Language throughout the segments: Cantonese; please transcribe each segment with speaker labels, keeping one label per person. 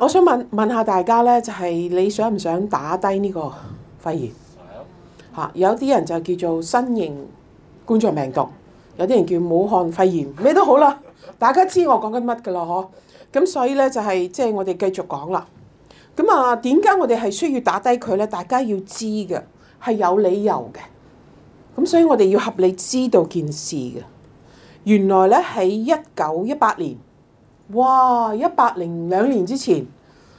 Speaker 1: 我想問問下大家咧，就係你想唔想打低呢個肺炎？吓，有啲人就叫做新型冠狀病毒，有啲人叫武漢肺炎，咩都好啦。大家知我講緊乜噶啦？嗬，咁所以咧就係即係我哋繼續講啦。咁啊，點解我哋係需要打低佢咧？大家要知嘅係有理由嘅。咁所以我哋要合理知道件事嘅。原來咧喺一九一八年。哇！一百零兩年之前，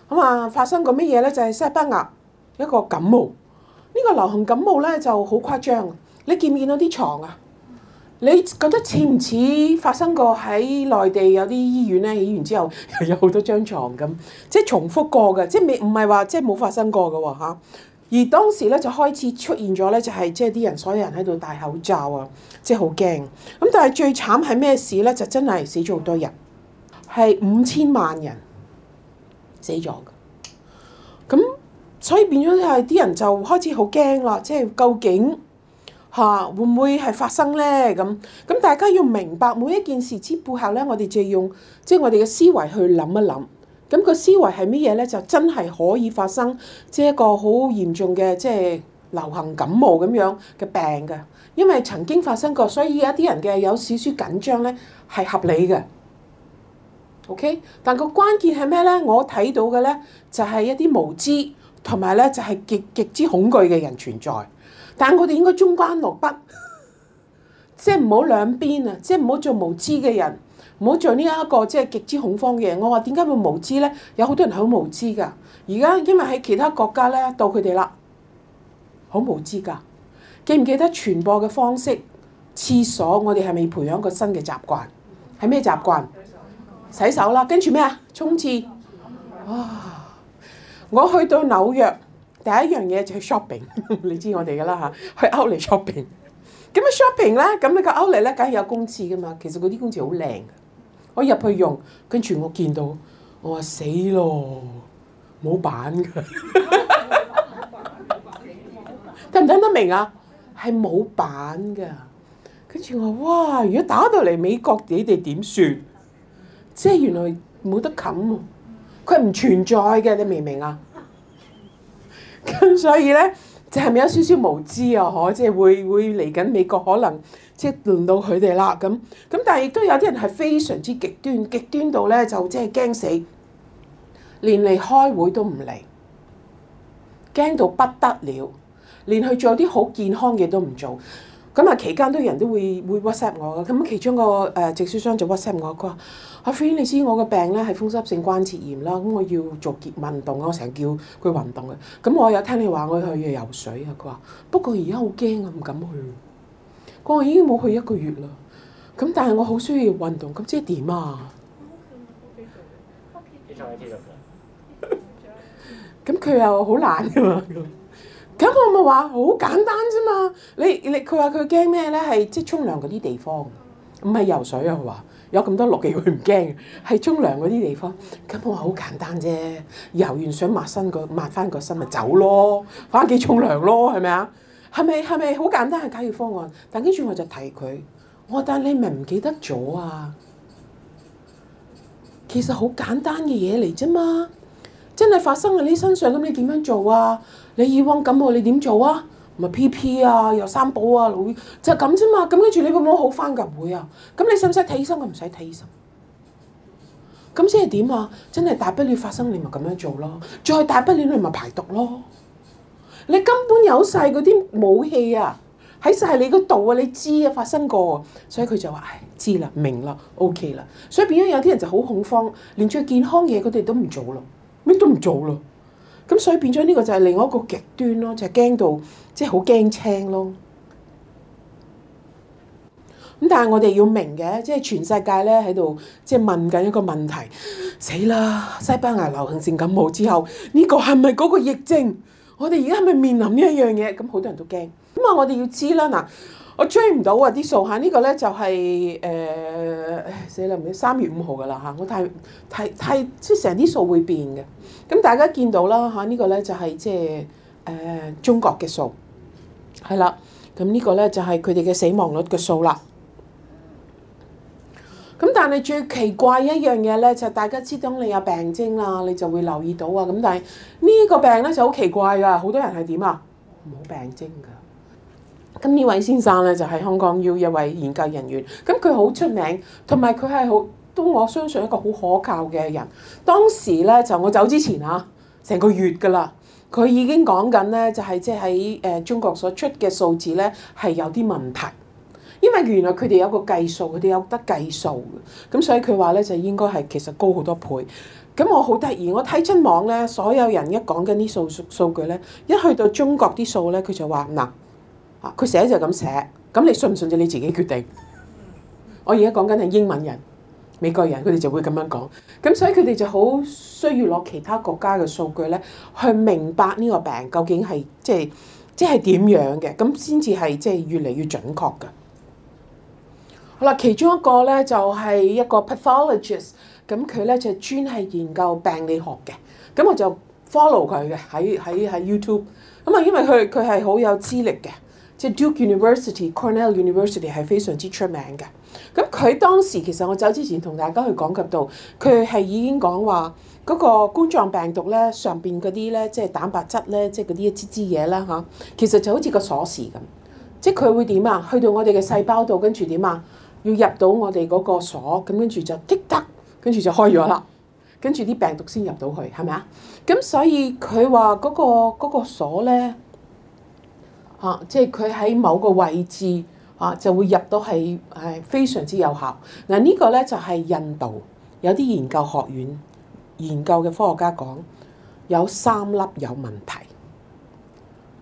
Speaker 1: 咁啊發生過乜嘢咧？就係、是、西班牙一個感冒，呢、這個流行感冒咧就好誇張。你見唔見到啲床啊？你覺得似唔似發生過喺內地有啲醫院咧？醫院之後有好多張床咁，即係重複過嘅，即係未唔係話即係冇發生過嘅喎、啊、而當時咧就開始出現咗咧，就係即係啲人所有人喺度戴口罩啊，即係好驚。咁但係最慘係咩事咧？就真係死咗好多人。係五千萬人死咗嘅，咁所以變咗係啲人就開始好驚啦，即係究竟嚇會唔會係發生咧？咁咁大家要明白每一件事之背後咧，我哋就用即係我哋嘅思維去諗一諗。咁個思維係乜嘢咧？就真係可以發生即係一個好嚴重嘅即係流行感冒咁樣嘅病嘅，因為曾經發生過，所以有一啲人嘅有少少緊張咧係合理嘅。OK，但個關鍵係咩咧？我睇到嘅咧就係一啲無知同埋咧就係極極之恐懼嘅人存在。但係我哋應該中間落墨，即係唔好兩邊啊！即係唔好做無知嘅人，唔好做呢一個即係極之恐慌嘅人。我話點解會無知咧？有好多人係好無知噶。而家因為喺其他國家咧到佢哋啦，好無知噶。記唔記得傳播嘅方式，廁所，我哋係咪培養個新嘅習慣？係咩習慣？洗手啦，跟住咩啊？沖廁啊！我去到紐約，第一樣嘢就係 shopping，你知我哋㗎啦吓，去 outletshopping。咁啊 shopping 咧，咁呢個 outlet 咧，梗係有公廁㗎嘛。其實嗰啲公廁好靚，我入去用，跟住我見到，我話死咯，冇板㗎。聽唔聽得明啊？係冇板㗎。跟住我哇，如果打到嚟美國，你哋點算？即係原來冇得冚喎，佢唔存在嘅，你明唔明啊？咁 所以咧就係咪有少少無知啊？可即係會會嚟緊美國，可能即係輪到佢哋啦。咁咁但係亦都有啲人係非常之極端，極端到咧就即係驚死，連嚟開會都唔嚟，驚到不得了，連去做啲好健康嘅都唔做。咁啊期間都人都會會 WhatsApp 我㗎，咁其中個誒直銷商就 WhatsApp 我，佢話阿 friend，你知我個病咧係風濕性關節炎啦，咁我要做熱運動，我成日叫佢運動嘅。咁我有聽你話，我去嘅游水啊，佢話不過而家好驚啊，唔敢去。佢話已經冇去一個月啦。咁但係我好需要運動，咁即係點啊？咁佢又好懶㗎嘛？咁我咪話好簡單啫嘛！你你佢話佢驚咩咧？係即係沖涼嗰啲地方，唔係游水啊！佢話有咁多落嘅，佢唔驚。係沖涼嗰啲地方，咁我話好簡單啫。游完水抹身個抹翻個身咪走咯，翻屋企沖涼咯，係咪啊？係咪係咪好簡單嘅解決方案？但跟住我就提佢，我話但你咪唔記得咗啊？其實好簡單嘅嘢嚟啫嘛！真係發生喺你身上咁，你點樣做啊？你以往感冒，你點做啊？咪 PP 啊，又三寶啊，老，就咁啫嘛。咁跟住你會唔會好翻噶？唔會啊。咁你使唔使睇醫生？佢唔使睇醫生。咁先係點啊？真係大不了發生，你咪咁樣做咯。再大不了你咪排毒咯。你根本有晒嗰啲武器啊，喺晒你嗰度啊，你知啊發生過，所以佢就話：唉，知啦，明啦，OK 啦。所以變咗有啲人就好恐慌，連最健康嘢佢哋都唔做咯，咩都唔做咯。咁所以變咗呢個就係另外一個極端咯，就係驚到即係好驚青咯。咁但係我哋要明嘅，即係全世界咧喺度即係問緊一個問題：死啦！西班牙流行性感冒之後，呢個係咪嗰個疫症？我哋而家係咪面臨呢一樣嘢？咁好多人都驚。咁啊，我哋要知啦。嗱，我追唔到啊啲數嚇，呢個咧就係誒誒死啦！唔知，三月五號噶啦嚇，我太太太即係成啲數會變嘅。咁大家見到啦嚇，呢個咧就係即係誒中國嘅數，係啦。咁呢個咧就係佢哋嘅死亡率嘅數啦。咁但係最奇怪一樣嘢咧，就係大家知，當你有病徵啦，你就會留意到啊。咁但係呢個病咧就好奇怪㗎，好多人係點啊？冇病徵㗎。咁呢位先生咧就係香港 U 一位研究人員，咁佢好出名，同埋佢係好。我相信一個好可靠嘅人。當時咧，就我走之前啊，成個月㗎啦，佢已經講緊咧，就係即係喺誒中國所出嘅數字咧係有啲問題，因為原來佢哋有個計數，佢哋有得計數嘅，咁所以佢話咧，就應該係其實高好多倍。咁我好得意，我睇親網咧，所有人一講緊啲數數數據咧，一去到中國啲數咧，佢就話嗱，啊佢寫就咁寫，咁你信唔信就你自己決定。我而家講緊係英文人。美國人佢哋就會咁樣講，咁所以佢哋就好需要攞其他國家嘅數據咧，去明白呢個病究竟係即係即係點樣嘅，咁先至係即係越嚟越準確嘅。好啦，其中一個咧就係一個 pathologist，咁佢咧就專係研究病理學嘅，咁我就 follow 佢嘅喺喺喺 YouTube，咁啊因為佢佢係好有資歷嘅。即 Duke University、Cornell University 係非常之出名嘅。咁佢當時其實我走之前同大家去講及到，佢係已經講話嗰個冠狀病毒咧上邊嗰啲咧，即係蛋白質咧，即係嗰啲一支支嘢啦嚇。其實就好似個鎖匙咁，即係佢會點啊？去到我哋嘅細胞度，跟住點啊？要入到我哋嗰個鎖，咁跟住就滴答，跟住就開咗啦。跟住啲病毒先入到去，係咪啊？咁所以佢話嗰個嗰個鎖咧。那個啊！即係佢喺某個位置，啊就會入到係非常之有效。嗱呢個呢就係印度有啲研究學院研究嘅科學家講，有三粒有問題，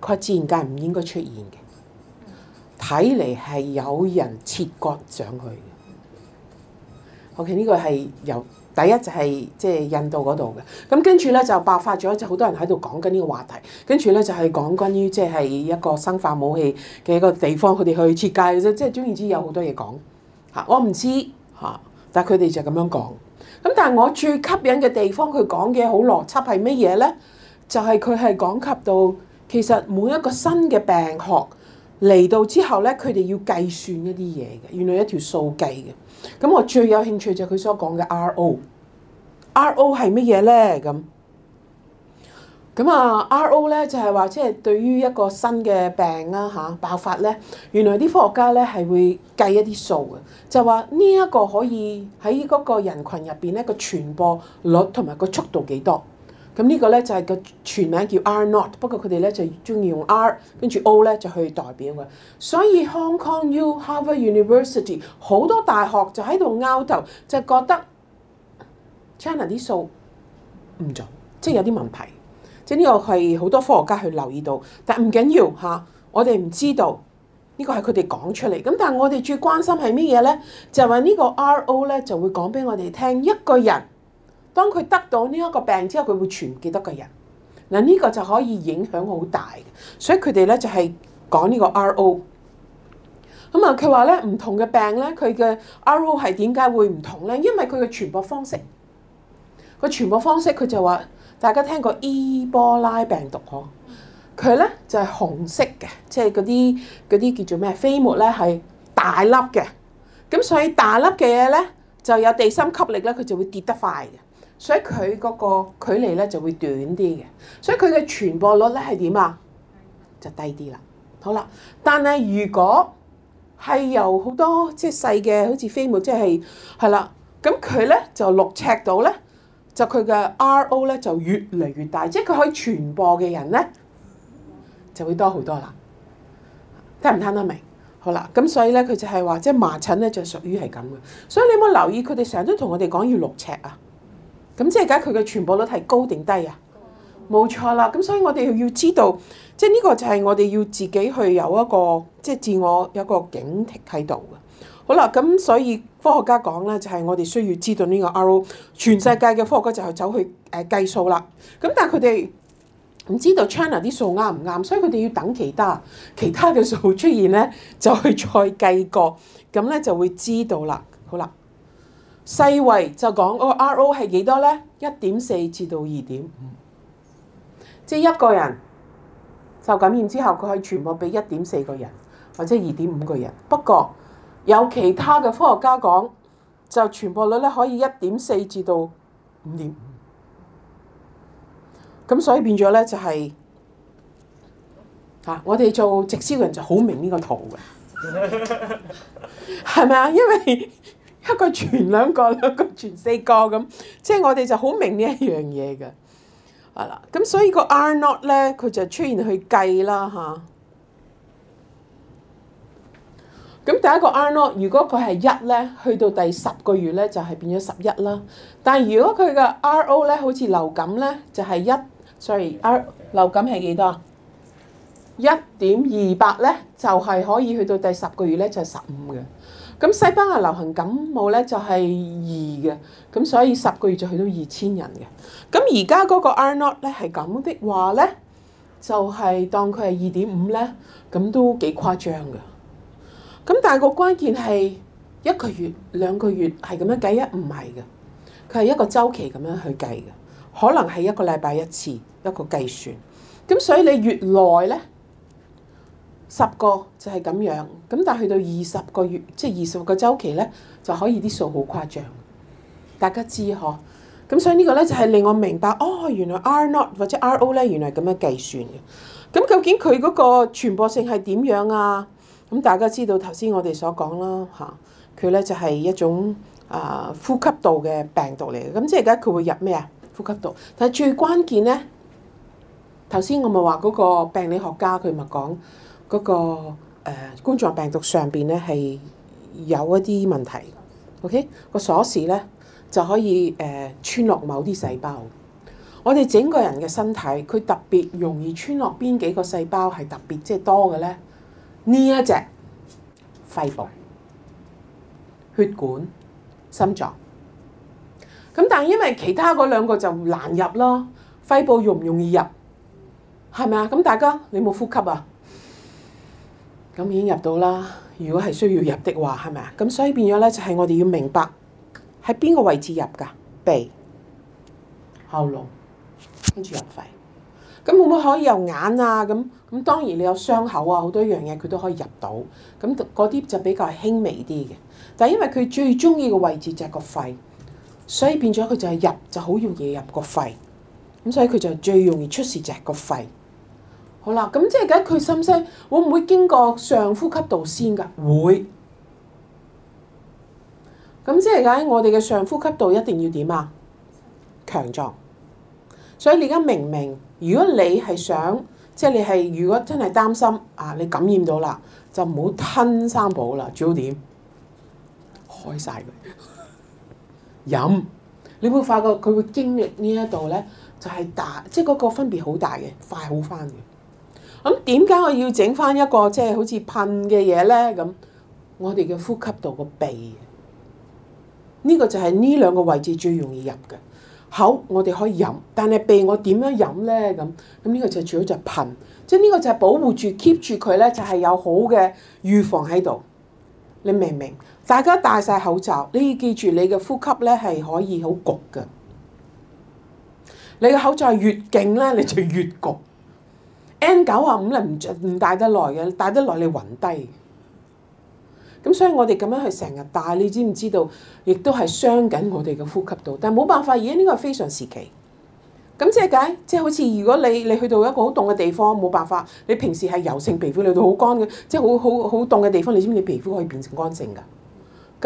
Speaker 1: 佢自然界唔應該出現嘅，睇嚟係有人切割上去嘅。OK，呢個係由。第一就係即係印度嗰度嘅，咁跟住咧就爆發咗，就好多人喺度講緊呢個話題。跟住咧就係講關於即係一個生化武器嘅一個地方，佢哋去設計嘅啫，即係總言之有好多嘢講吓。我唔知吓，但係佢哋就咁樣講。咁但係我最吸引嘅地方，佢講嘅好邏輯係乜嘢咧？就係佢係講及到其實每一個新嘅病學嚟到之後咧，佢哋要計算一啲嘢嘅，原來一條數計嘅。咁我最有興趣就係佢所講嘅 R O，R O 係乜嘢咧？咁咁啊，R O 咧就係話，即係對於一個新嘅病啦、啊、嚇、啊、爆發咧，原來啲科學家咧係會計一啲數嘅，就話呢一個可以喺嗰個人群入邊咧個傳播率同埋個速度幾多？咁呢個咧就係、是、個全名叫 R not，不過佢哋咧就中意用 R，跟住 O 咧就去代表嘅。所以 Hong Kong U、Harvard University 好多大學就喺度拗頭，就覺得 China 啲 e 數唔準，即、嗯、係、就是、有啲問題。即係呢個係好多科學家去留意到，但係唔緊要嚇，我哋唔知道呢、這個係佢哋講出嚟。咁但係我哋最關心係咩嘢咧？就係話呢個 R O 咧就會講俾我哋聽一個人。當佢得到呢一個病之後，佢會傳幾多個人嗱？呢個就可以影響好大嘅，所以佢哋咧就係講呢個 R O 咁啊。佢話咧唔同嘅病咧，佢嘅 R O 係點解會唔同咧？因為佢嘅傳播方式、個傳播方式，佢就話大家聽過伊波拉病毒呵？佢咧就係紅色嘅，即係嗰啲啲叫做咩飛沫咧，係大粒嘅咁，所以大粒嘅嘢咧就有地心吸力咧，佢就會跌得快嘅。所以佢嗰個距離咧就會短啲嘅，所以佢嘅傳播率咧係點啊？就低啲啦。好啦，但係如果係由好多即係細嘅，好似飛沫，即係係啦，咁佢咧就六尺度咧，就佢嘅 R.O. 咧就越嚟越大，即係佢可以傳播嘅人咧就會多好多啦。聽唔聽得明？好啦，咁所以咧佢就係話，即係麻疹咧就屬於係咁嘅。所以你有冇留意佢哋成日都同我哋講要六尺啊？咁即係而家，佢嘅傳播率係高定低啊？冇錯啦，咁所以我哋要知道，即係呢個就係我哋要自己去有一個即係自我有一個警惕喺度嘅。好啦，咁所以科學家講咧，就係、是、我哋需要知道呢個 R0。全世界嘅科學家就係走去計數啦。咁、呃、但係佢哋唔知道 China 啲數啱唔啱，所以佢哋要等其他其他嘅數出現咧，就去再計過，咁咧就會知道啦。好啦。細位就講 O R O 係幾多呢？一點四至到二點五，即一個人就感染之後，佢可以傳播俾一點四個人或者二點五個人。不過有其他嘅科學家講，就傳播率咧可以一點四至到五點五。咁所以變咗呢，就係、是、嚇，我哋做直招人就好明呢個圖嘅，係咪啊？因為一個全兩個，兩個全四個咁，即係我哋就好明呢一樣嘢嘅，係啦。咁所以個 R not 咧，佢就出現去計啦嚇。咁第一個 R not，如果佢係一咧，去到第十個月咧，就係變咗十一啦。但係如果佢嘅 RO 咧，好似流感咧，就係一，Sorry，R 流感係幾多？一點二八咧，就係可以去到第十個月咧，就係十五嘅。咁西班牙流行感冒咧就係二嘅，咁所以十個月就去到二千人嘅。咁而家嗰個 R nought 咧係咁的話咧，就係、是、當佢係二點五咧，咁都幾誇張嘅。咁但係個關鍵係一個月、兩個月係咁樣計啊？唔係嘅，佢係一個周期咁樣去計嘅，可能係一個禮拜一次一個計算。咁所以你越耐咧。十個就係咁樣，咁但係去到二十個月，即係二十個週期咧，就可以啲數好誇張。大家知嗬，咁所以呢個咧就係令我明白，哦，原來 R naught 或者 RO 咧原來係咁樣計算嘅。咁究竟佢嗰個傳播性係點樣啊？咁大家知道頭先我哋所講啦，嚇佢咧就係一種啊呼吸道嘅病毒嚟嘅。咁即係而家佢會入咩啊？呼吸道。但係最關鍵咧，頭先我咪話嗰個病理學家佢咪講。嗰個、那個、呃、冠狀病毒上邊咧係有一啲問題，OK 個鎖匙咧就可以誒、呃、穿落某啲細胞。我哋整個人嘅身體，佢特別容易穿落邊幾個細胞係特別即係多嘅咧？呢一隻肺部、血管、心臟。咁但係因為其他嗰兩個就難入咯，肺部容唔容易入？係咪啊？咁大家你冇呼吸啊？咁已經入到啦。如果係需要入的話，係咪啊？咁所以變咗咧，就係、是、我哋要明白喺邊個位置入噶鼻、喉嚨，跟住入肺。咁會唔會可以入眼啊？咁咁當然你有傷口啊，好多樣嘢佢都可以入到。咁嗰啲就比較輕微啲嘅。但係因為佢最中意嘅位置就係個肺，所以變咗佢就係入就好容易入個肺。咁所以佢就最容易出事就係個肺。好啦，咁即係解佢深呼吸會唔會經過上呼吸道先噶？會。咁即係解我哋嘅上呼吸道一定要點啊？強壯。所以你而家明明，如果你係想，嗯、即係你係如果真係擔心啊，你感染到啦，就唔好吞三寶啦，主要點？開晒佢飲，你會發覺佢會經歷這呢一度咧，就係、是、大，即係嗰個分別好大嘅，快好翻嘅。咁點解我要整翻一個即係好似噴嘅嘢呢？咁我哋嘅呼吸道個鼻，呢個就係呢兩個位置最容易入嘅口。我哋可以飲，但係鼻我點樣飲呢？咁咁呢個就最好就噴，即係呢個就係保護住 keep 住佢呢，就係有好嘅預防喺度。你明唔明？大家戴晒口罩，你要記住你嘅呼吸呢係可以好焗嘅。你嘅口罩越勁呢，你就越焗。N 九啊五咧唔唔戴得耐嘅，戴得耐你暈低。咁所以我哋咁樣去成日戴，你知唔知道？亦都係傷緊我哋嘅呼吸道。但係冇辦法，而家呢個係非常時期。咁即係解，即係好似如果你你去到一個好凍嘅地方，冇辦法，你平時係油性皮膚，你到好乾嘅，即係好好好凍嘅地方，你知唔知？你皮膚可以變成乾性㗎。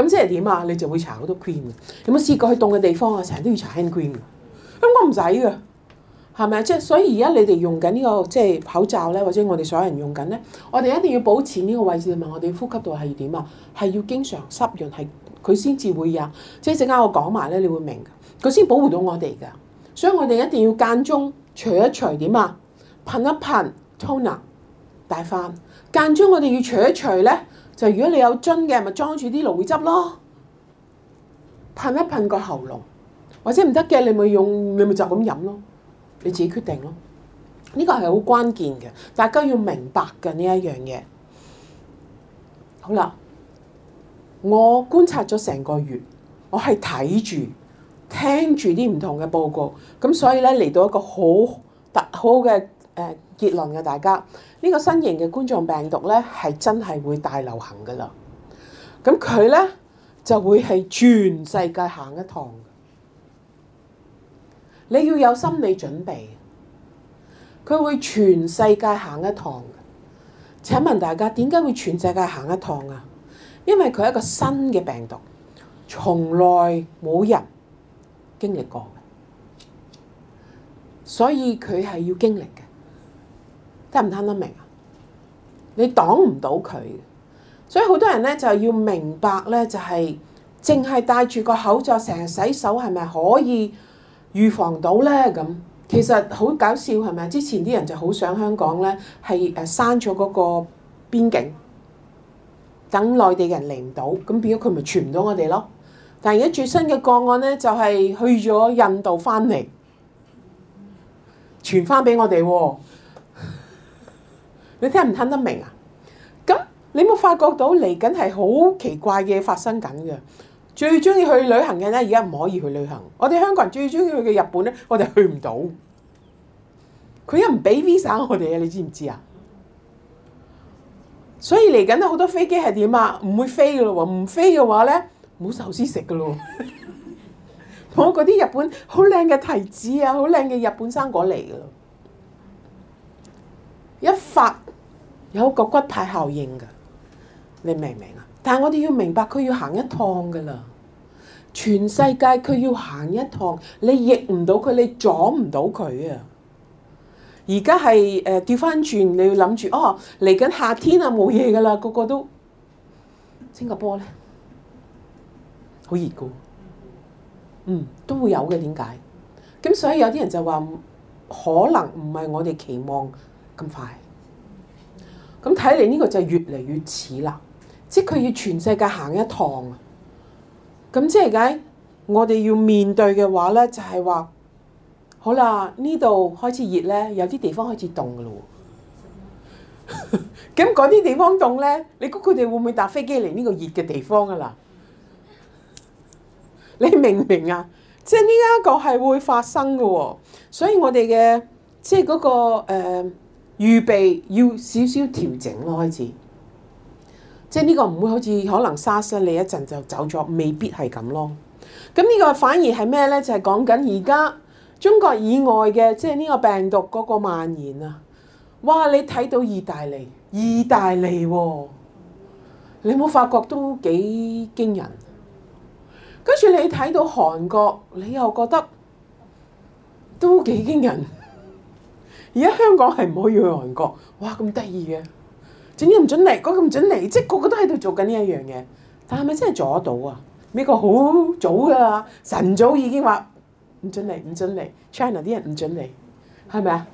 Speaker 1: 咁即係點啊？你就會搽好多 cream。有冇試過去凍嘅地方啊？成日都要搽 hand cream。咁我唔使㗎。係咪即係所以而家你哋用緊呢個即係口罩咧，或者我哋所有人用緊咧，我哋一定要保持呢個位置同埋我哋呼吸道係點啊？係要經常濕潤，係佢先至會有。即係陣間我講埋咧，你會明。佢先保護到我哋㗎，所以我哋一定要間中除一除點啊，噴一噴 toner 大翻。間中我哋要除一除咧，就如果你有樽嘅，咪裝住啲蘆薈汁咯，噴一噴個喉嚨，或者唔得嘅你咪用，你咪就咁飲咯。你自己決定咯，呢個係好關鍵嘅，大家要明白嘅呢一樣嘢。好啦，我觀察咗成個月，我係睇住、聽住啲唔同嘅報告，咁所以咧嚟到一個好特好嘅誒結論嘅大家，呢個新型嘅冠狀病毒咧係真係會大流行噶啦，咁佢咧就會係全世界行一趟。你要有心理準備，佢會全世界行一趟嘅。請問大家點解會全世界行一趟啊？因為佢係一個新嘅病毒，從來冇人經歷過嘅，所以佢係要經歷嘅。聽唔聽得明啊？你擋唔到佢，所以好多人咧就要明白咧，就係淨係戴住個口罩成日洗手係咪可以？.預防到咧咁，其實好搞笑係咪？之前啲人就好想香港咧，係誒閂咗嗰個邊境，等內地人嚟唔到，咁變咗佢咪傳唔到我哋咯。但係而家最新嘅個案咧，就係去咗印度翻嚟，傳翻俾我哋喎。你聽唔聽得明啊？咁你有冇發覺到嚟緊係好奇怪嘅發生緊嘅？最中意去旅行嘅咧，而家唔可以去旅行。我哋香港人最中意去嘅日本咧，我哋去唔到。佢又唔俾 visa 我哋啊，你知唔知啊？所以嚟緊好多飛機係點啊？唔會飛嘅喎，唔飛嘅話咧冇壽司食嘅咯。同我嗰啲日本好靚嘅提子啊，好靚嘅日本生果嚟嘅咯。一發有個骨牌效應嘅，你明唔明啊？但係我哋要明白佢要行一趟嘅啦。全世界佢要行一趟，你逆唔到佢，你阻唔到佢啊！而家係誒調翻轉，你要諗住哦，嚟緊夏天啊，冇嘢噶啦，個個都新加坡咧，好熱噶，嗯，都會有嘅。點解？咁所以有啲人就話可能唔係我哋期望咁快。咁睇嚟呢個就越嚟越似啦，即係佢要全世界行一趟啊！咁即係解，我哋要面對嘅話咧，就係話，好啦，呢度開始熱咧，有啲地方開始凍噶啦。咁嗰啲地方凍咧，你估佢哋會唔會搭飛機嚟呢個熱嘅地方啊？嗱，你明唔明啊？即係呢一個係會發生嘅喎，所以我哋嘅即係、那、嗰個誒、呃、預備要少少調整咯，開始。即係呢個唔會好似可能沙士你一陣就走咗，未必係咁咯。咁呢個反而係咩呢？就係講緊而家中國以外嘅，即係呢個病毒嗰個蔓延啊！哇！你睇到意大利，意大利，哦，你冇發覺都幾驚人？跟住你睇到韓國，你又覺得都幾驚人？而家香港係唔可以去韓國，哇！咁得意嘅～唔準嚟，講咁唔準嚟，即係個個都喺度做緊呢一樣嘢。但係咪真係做得到啊？美國好早㗎，晨早已經話唔准嚟，唔准嚟。China 啲人唔准嚟，係咪啊？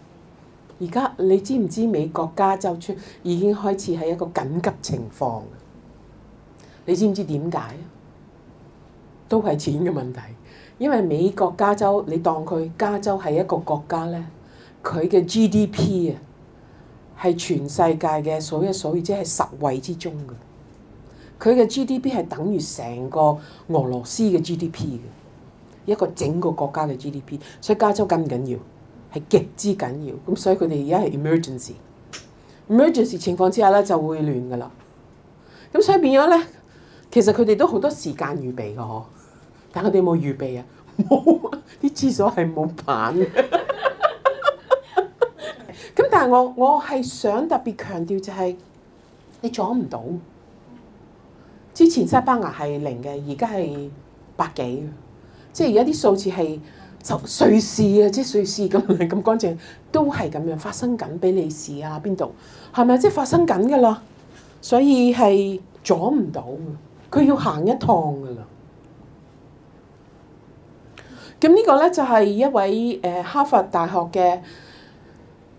Speaker 1: 而家你知唔知美國加州出已經開始係一個緊急情況？你知唔知點解啊？都係錢嘅問題，因為美國加州，你當佢加州係一個國家咧，佢嘅 GDP 啊。係全世界嘅所有所以，即係十位之中嘅，佢嘅 GDP 係等於成個俄羅斯嘅 GDP 嘅，一個整個國家嘅 GDP，所以加州緊唔緊要？係極之緊要，咁所以佢哋而家係 emergency，emergency 情況之下咧就會亂噶啦。咁所以變咗咧，其實佢哋都好多時間預備嘅呵，但係佢哋有冇預備啊？冇啊！啲廁所係冇板嘅。但係我我係想特別強調就係你阻唔到，之前西班牙係零嘅，而家係百幾，即係而家啲數字係，就瑞士啊，即係瑞士咁咁乾淨，都係咁樣發生緊，比利時啊，邊度係咪即係發生緊噶啦？所以係阻唔到，佢要行一趟噶啦。咁呢個咧就係一位誒哈佛大學嘅。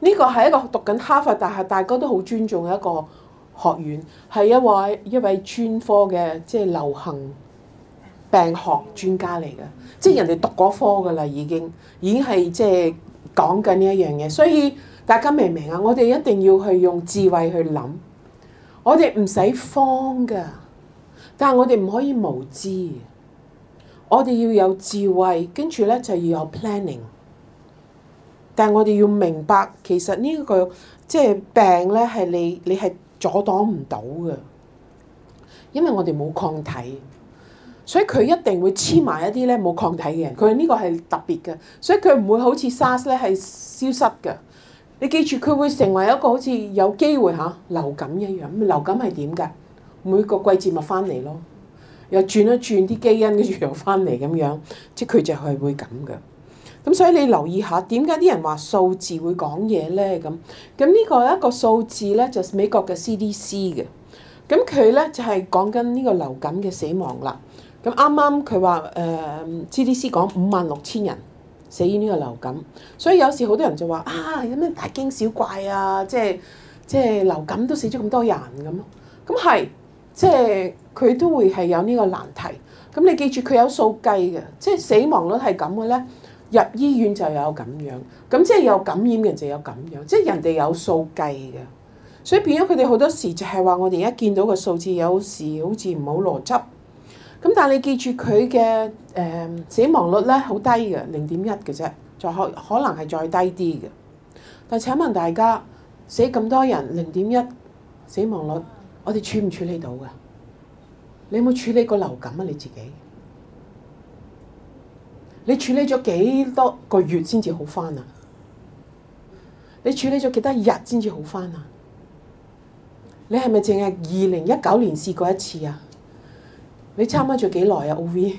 Speaker 1: 呢、這個係一個讀緊哈佛大學，大家都好尊重嘅一個學院，係一位一位專科嘅即係流行病學專家嚟嘅，即係人哋讀嗰科㗎啦，已經已經係即係講緊呢一樣嘢，所以大家明唔明啊？我哋一定要去用智慧去諗，我哋唔使慌㗎，但係我哋唔可以無知，我哋要有智慧，跟住咧就要有 planning。但係我哋要明白，其實呢個即係病咧，係你你係阻擋唔到嘅，因為我哋冇抗體，所以佢一定會黐埋一啲咧冇抗體嘅人。佢呢個係特別嘅，所以佢唔會好似 SARS 咧係消失嘅。你記住，佢會成為一個好似有機會嚇、啊、流感一樣。流感係點嘅？每個季節咪翻嚟咯，又轉一轉啲基因跟住又翻嚟咁樣，即係佢就係會咁嘅。咁所以你留意下點解啲人話數字會講嘢咧？咁咁呢個一個數字咧，就係美國嘅 CDC 嘅。咁佢咧就係講緊呢個流感嘅死亡率。咁啱啱佢話誒 CDC 講五萬六千人死於呢個流感，所以有時好多人就話啊，有咩大驚小怪啊？即係即係流感都死咗咁多人咁咯？咁係即係佢都會係有呢個難題。咁你記住佢有數計嘅，即係死亡率係咁嘅咧。入醫院就有咁樣，咁即係有感染嘅人就有咁樣，即係人哋有數計嘅，所以變咗佢哋好多時就係話我哋而家見到個數字有時好似唔好邏輯。咁但係你記住佢嘅誒死亡率咧好低嘅，零點一嘅啫，再可可能係再低啲嘅。但係請問大家死咁多人零點一死亡率，我哋處唔處理到㗎？你有冇處理過流感啊？你自己？你處理咗幾多個月先至好翻啊？你處理咗幾多日先至好翻啊？你係咪淨係二零一九年試過一次啊？你參加咗幾耐啊？O V，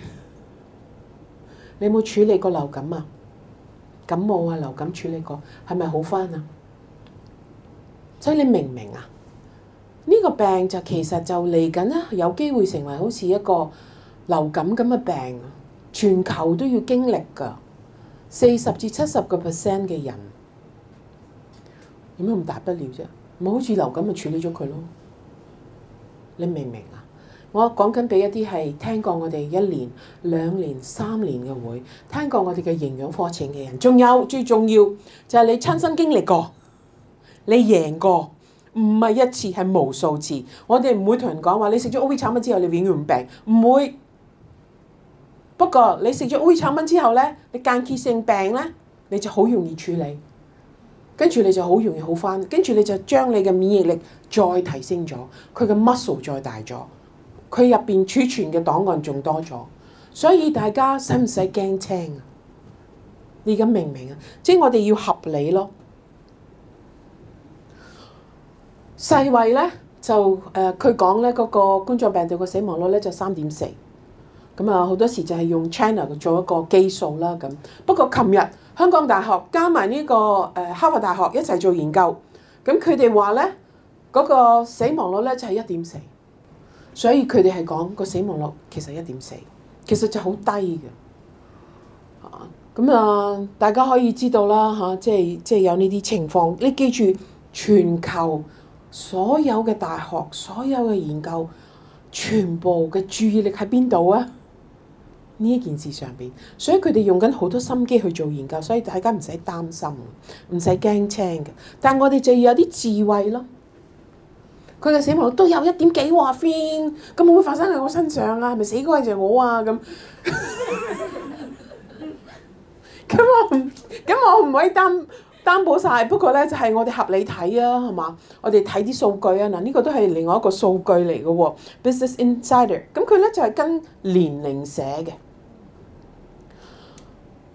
Speaker 1: 你有冇處理過流感啊？感冒啊，流感處理過係咪好翻啊？所以你明唔明啊？呢個病就其實就嚟緊啦，有機會成為好似一個流感咁嘅病。全球都要經歷㗎，四十至七十個 percent 嘅人有咩咁大不了啫？咪好似流感咪處理咗佢咯？你明唔明啊？我講緊俾一啲係聽過我哋一年、兩年、三年嘅會，聽過我哋嘅營養課程嘅人，仲有最重要就係你親身經歷過，你贏過，唔係一次係無數次。我哋唔會同人講話，你食咗 O V 產品之後你永遠唔病，唔會。不過你食咗烏產品之後呢，你間歇性病呢，你就好容易處理，跟住你就好容易好返，跟住你就將你嘅免疫力再提升咗，佢嘅 muscle 再大咗，佢入邊儲存嘅檔案仲多咗，所以大家使唔使驚青啊？你而家明唔明啊？即係我哋要合理咯。世衞呢，就誒，佢、呃、講呢嗰、嗰個冠狀病毒嘅死亡率呢，就三點四。咁啊，好多時就係用 China 做一個基數啦。咁不過，琴日香港大學加埋呢個誒哈佛大學一齊做研究，咁佢哋話呢嗰個死亡率呢就係一點四，所以佢哋係講個死亡率其實一點四，其實就好低嘅。啊，咁啊，大家可以知道啦，嚇，即係即係有呢啲情況。你記住，全球所有嘅大學、所有嘅研究，全部嘅注意力喺邊度啊？呢一件事上邊，所以佢哋用緊好多心機去做研究，所以大家唔使擔心，唔使驚青嘅。但係我哋就要有啲智慧咯。佢嘅死亡率都有一點幾喎，啊，阿 Fin 咁會唔會發生喺我身上啊？係 咪死鬼就我啊？咁咁 我唔咁我唔可以擔擔保晒。不過咧就係、是、我哋合理睇啊，係嘛？我哋睇啲數據啊，嗱、這、呢個都係另外一個數據嚟嘅喎。 Business Insider，咁佢咧就係、是、跟年齡寫嘅。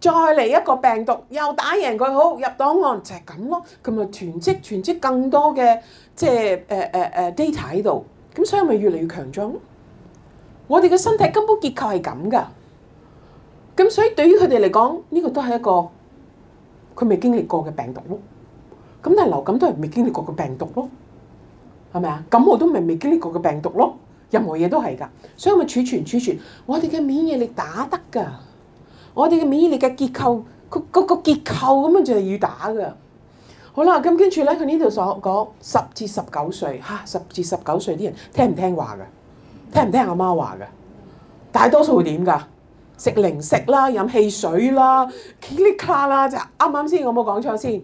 Speaker 1: 再嚟一個病毒又打贏佢好入檔案就係咁咯，咁咪囤積囤積更多嘅即係誒誒誒 data 喺度，咁、呃呃、所以咪越嚟越強壯。我哋嘅身體根本結構係咁噶，咁所以對於佢哋嚟講，呢、這個都係一個佢未經歷過嘅病毒咯。咁但係流感都係未經歷過嘅病毒咯，係咪啊？感冒都咪未經歷過嘅病毒咯，任何嘢都係噶，所以咪儲存儲存，我哋嘅免疫力打得㗎。我哋嘅免疫力嘅結構，個個個結構咁樣就係要打噶。好啦，咁跟住咧，佢呢度所講十至十九歲吓，十至十九歲啲人聽唔聽話㗎？聽唔聽阿媽話㗎？大多數會點噶？食零食啦，飲汽水啦，噼哩啪啦，就啱啱先我冇講錯先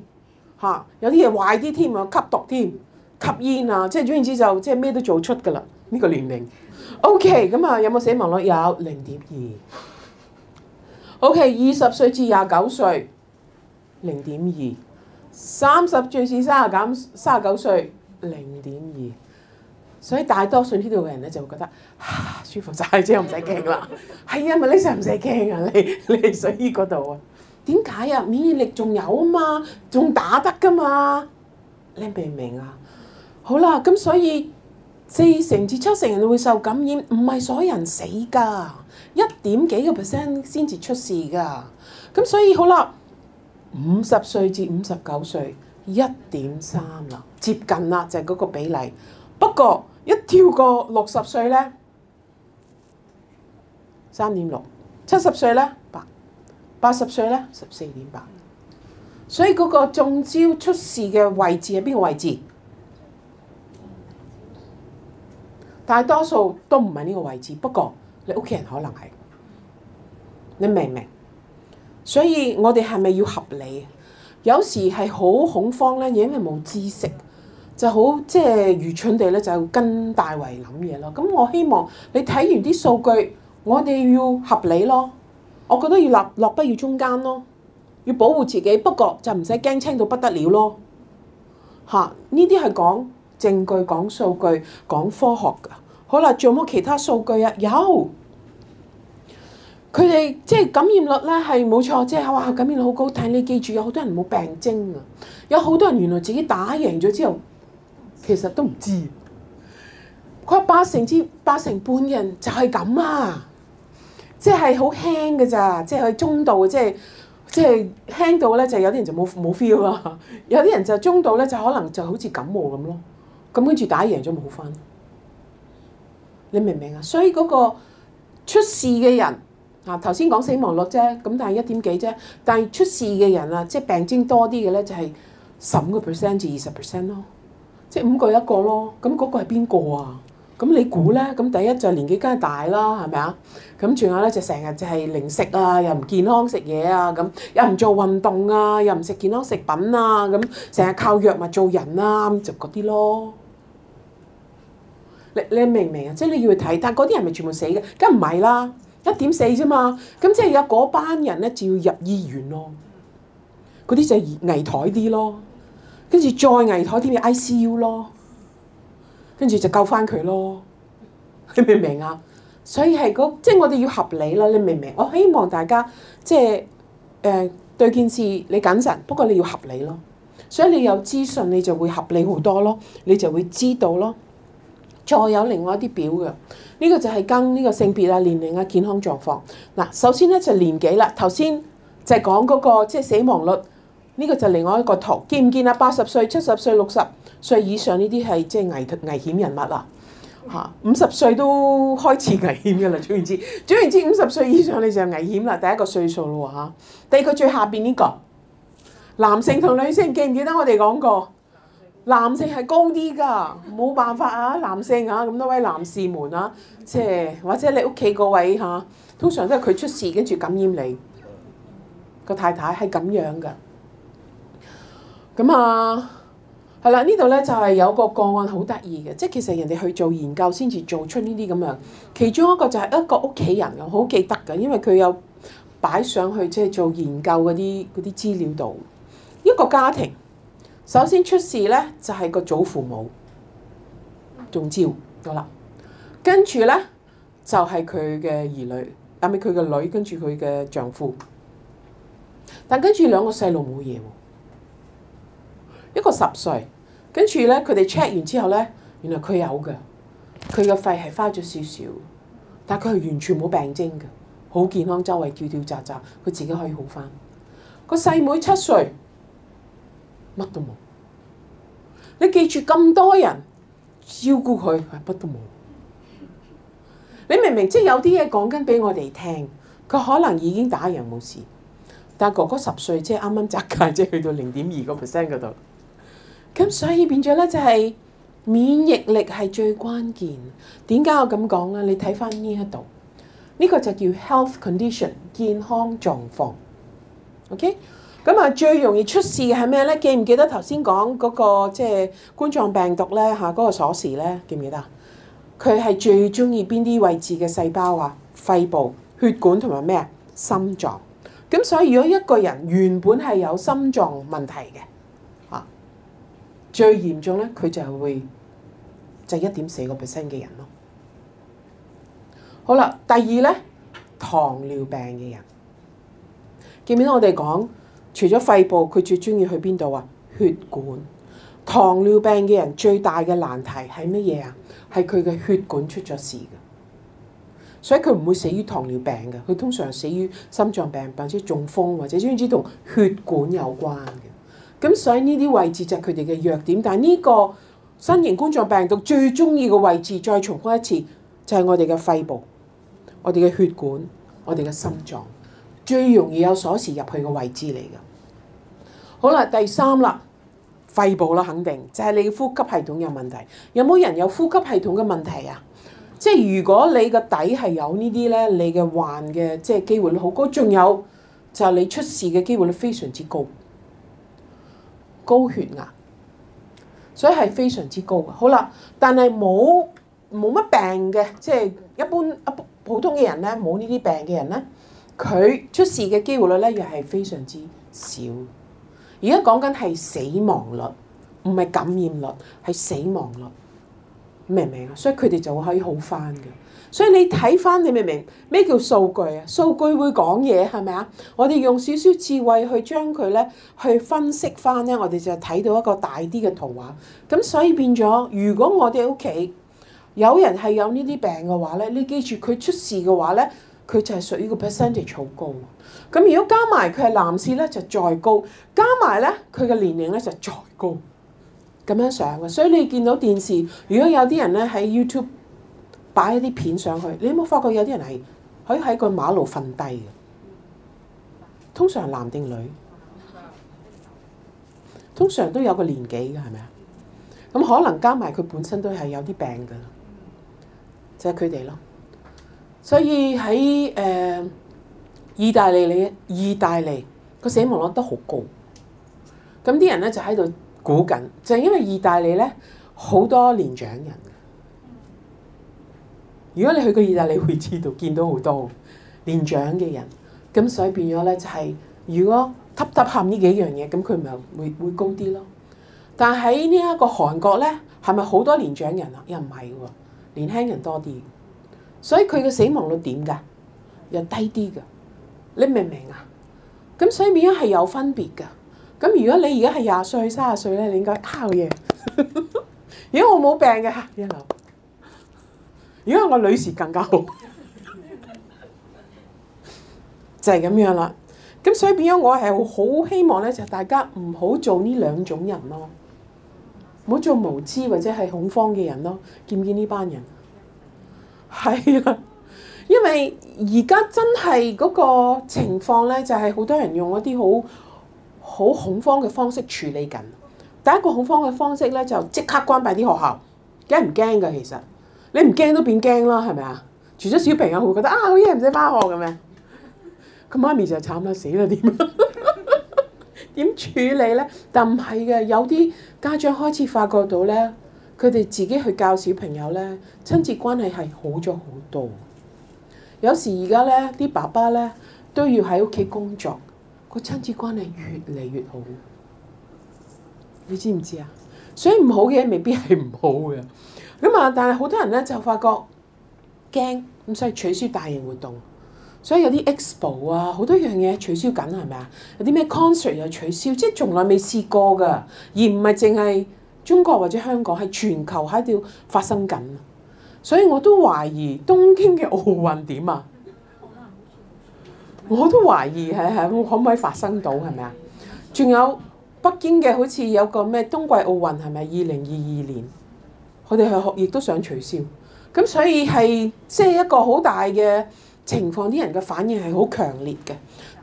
Speaker 1: 吓，有啲嘢壞啲添啊，吸毒添，吸煙啊，即係總言之就即係咩都做出㗎啦。呢個年齡，OK，咁啊有冇死亡率？有零點二。O.K. 二十歲至廿九歲，零點二；三十歲至三十減三十九歲，零點二。所以大多數呢度嘅人咧就會覺得舒服晒，即係唔使驚啦。係啊，咪呢時唔使驚啊，你你所以嗰度啊？點解啊？免疫力仲有啊嘛，仲打得㗎嘛？你明唔明啊？好啦，咁所以四成至七成人會受感染，唔係所有人死㗎。一點幾個 percent 先至出事㗎，咁所以好啦，五十歲至五十九歲一點三啦，接近啦就係嗰個比例。不過一跳過六十歲咧，三點六；七十歲咧八，八十歲咧十四點八。所以嗰個中招出事嘅位置係邊個位置？大多數都唔係呢個位置，不過。你屋企人可能係，你明唔明？所以我哋係咪要合理？有時係好恐慌咧，因為冇知識，就好即係愚蠢地咧就跟大圍諗嘢咯。咁我希望你睇完啲數據，我哋要合理咯。我覺得要立立不於中間咯，要保護自己。不過就唔使驚青到不得了咯。嚇！呢啲係講證據、講數據、講科學㗎。好啦，仲有冇其他數據啊？有，佢哋即係感染率咧係冇錯，即係哇感染率好高。但係你記住有很多人沒有病，有好多人冇病徵啊，有好多人原來自己打贏咗之後，其實都唔知。佢話八成之八成半人就係咁啊，即係好輕嘅咋，即係中度，即係即係輕到咧就有啲人就冇冇 feel 啊，有啲人就中度咧就可能就好似感冒咁咯，咁跟住打贏咗冇翻。你明唔明啊？所以嗰個出事嘅人啊，頭先講死亡率啫，咁但係一點幾啫。但係出事嘅人啊，即係病徵多啲嘅咧，就係十五個 percent 至二十 percent 咯，即係五個一個咯。咁嗰個係邊個啊？咁你估咧？咁第一就係年紀梗係大啦，係咪啊？咁仲有咧就成日就係零食啊，又唔健康食嘢啊，咁又唔做運動啊，又唔食健康食品啊，咁成日靠藥物做人啊，咁就嗰啲咯。你明唔明啊？即、就、係、是、你要去睇，但係嗰啲人咪全部死嘅？梗唔係啦，一點四啫嘛。咁即係有嗰班人咧，就要入醫院咯。嗰啲就危危殆啲咯，跟住再危殆啲咪 ICU 咯，跟住就救翻佢咯。你明唔明啊？ 所以係嗰、那個、即係我哋要合理咯。你明唔明？我希望大家即係誒、呃、對件事你謹慎，不過你要合理咯。所以你有資訊，你就會合理好多咯，你就會知道咯。再有另外一啲表嘅，呢個就係跟呢個性別啊、年齡啊、健康狀況。嗱，首先咧就年紀啦。頭先就係講嗰個即係死亡率，呢個就另外一個圖。見唔見啊？八十歲、七十歲、六十歲以上呢啲係即係危危險人物啦。嚇，五十歲都開始危險㗎啦。總言之，總言之，五十歲以上你就危險啦，第一個歲數咯喎嚇。第二個最下邊呢個，男性同女性，記唔記得我哋講過？男性係高啲㗎，冇辦法啊！男性啊，咁多位男士們啊，即係或者你屋企嗰位嚇，啊，通常都係佢出事跟住感染你個太太係咁樣㗎。咁啊，係啦，呢度咧就係、是、有個個案好得意嘅，即係其實人哋去做研究先至做出呢啲咁樣。其中一個就係一個屋企人，我好記得㗎，因為佢有擺上去即係、就是、做研究啲嗰啲資料度一個家庭。首先出事咧就係、是、個祖父母中招咗啦，跟住咧就係佢嘅兒女，阿咪佢嘅女，跟住佢嘅丈夫。但跟住兩個細路冇嘢喎，一個十歲，跟住咧佢哋 check 完之後咧，原來佢有嘅，佢嘅肺係花咗少少，但佢係完全冇病徵嘅，好健康，周圍叫叫喳喳，佢自己可以好返。個細妹七歲。乜都冇，你記住咁多人照顧佢，係乜都冇。你明明即係有啲嘢講緊俾我哋聽，佢可能已經打贏冇事。但哥哥十歲即係啱啱擦界，即係去到零點二個 percent 嗰度。咁所以變咗咧，就係免疫力係最關鍵。點解我咁講咧？你睇翻呢一度，呢個就叫 health condition 健康狀況。OK。咁啊，最容易出事嘅係咩咧？記唔記得頭先講嗰個即係冠狀病毒咧？吓，嗰個鎖匙咧，記唔記得？佢係最中意邊啲位置嘅細胞啊？肺部、血管同埋咩啊？心臟。咁所以如果一個人原本係有心臟問題嘅，啊，最嚴重咧，佢就係會就一點四個 percent 嘅人咯。好啦，第二咧，糖尿病嘅人，記唔記得我哋講？除咗肺部，佢最鍾意去邊度啊？血管。糖尿病嘅人最大嘅難題係乜嘢啊？係佢嘅血管出咗事嘅，所以佢唔會死於糖尿病嘅，佢通常死於心臟病或者中風或者甚至同血管有關嘅。咁所以呢啲位置就係佢哋嘅弱點。但係呢個新型冠狀病毒最鍾意嘅位置，再重複一次，就係我哋嘅肺部、我哋嘅血管、我哋嘅心臟。最容易有鎖匙入去嘅位置嚟㗎。好啦，第三啦，肺部啦，肯定就係你嘅呼吸系統有問題。有冇人有呼吸系統嘅問題啊？即係如果你個底係有呢啲咧，你嘅患嘅即係機會率好高。仲有就係你出事嘅機會率非常之高，高血壓，所以係非常之高嘅。好啦，但係冇冇乜病嘅，即係一般一普通嘅人咧，冇呢啲病嘅人咧。佢出事嘅機會率咧，又係非常之少。而家講緊係死亡率，唔係感染率，係死亡率，明唔明啊？所以佢哋就可以好返嘅。所以你睇返，你明唔明咩叫數據啊？數據會講嘢，係咪啊？我哋用少少智慧去將佢咧，去分析返咧，我哋就睇到一個大啲嘅圖畫。咁所以變咗，如果我哋屋企有人係有呢啲病嘅話咧，你記住，佢出事嘅話咧。佢就係屬於個 percentage 好高，咁如果加埋佢係男士咧就再高，加埋咧佢嘅年齡咧就再高，咁樣上嘅。所以你見到電視，如果有啲人咧喺 YouTube 擺一啲片上去，你有冇發覺有啲人係可以喺個馬路瞓低嘅？通常男定女？通常都有個年紀嘅，係咪啊？咁可能加埋佢本身都係有啲病嘅，就係佢哋咯。所以喺誒意大利，你意大利個死亡率都好高，咁啲人咧就喺度估緊，就係、因為意大利咧好多年長人。如果你去過意大利會知道，見到好多年長嘅人，咁所以變咗咧就係、係，如果吸吸喊呢幾樣嘢，咁佢咪會會高啲咯。但喺呢一個韓國咧，係咪好多年長人啊？又唔係喎，年輕人多啲。所以佢嘅死亡率點㗎？又低啲㗎，你明唔明啊？咁所以變咗係有分別㗎。咁如果你而家係廿歲、卅歲咧，你應該靠嘢、啊。如果我冇病嘅，一、啊、流。如果我女士更加好，就係、係、咁樣啦。咁所以變咗我係好希望咧，就大家唔好做呢兩種人咯。唔好做無知或者係恐慌嘅人咯。見唔見呢班人？係啊，因為而家真係嗰個情況咧，就係、是、好多人用一啲好好恐慌嘅方式處理緊。第一個恐慌嘅方式咧，就即刻關閉啲學校。驚唔驚㗎？其實你唔驚都變驚啦，係咪啊？除咗小朋友啊，會覺得啊好似唔使返學㗎咩？佢媽咪就慘啦，死啦點啊？點 處理咧？但唔係嘅，有啲家長開始發覺到咧。佢哋自己去教小朋友呢，親子關係係好咗好多。有時而家呢啲爸爸呢，都要喺屋企工作，個親子關係越嚟越好。你知唔知啊？所以唔好嘅未必係唔好嘅。咁啊，但係好多人呢，就發覺驚，咁所以取消大型活動。所以有啲 expo 啊，好多樣嘢取消緊，係咪啊？有啲咩 concert 又取消，即係從來未試過㗎，而唔係淨係。中國或者香港係全球喺度發生緊，所以我都懷疑東京嘅奧運點啊？我都懷疑係係可唔可以發生到係咪啊？仲有北京嘅好似有個咩冬季奧運係咪二零二二年？佢哋係學亦都想取消，咁所以係即係一個好大嘅情況，啲人嘅反應係好強烈嘅。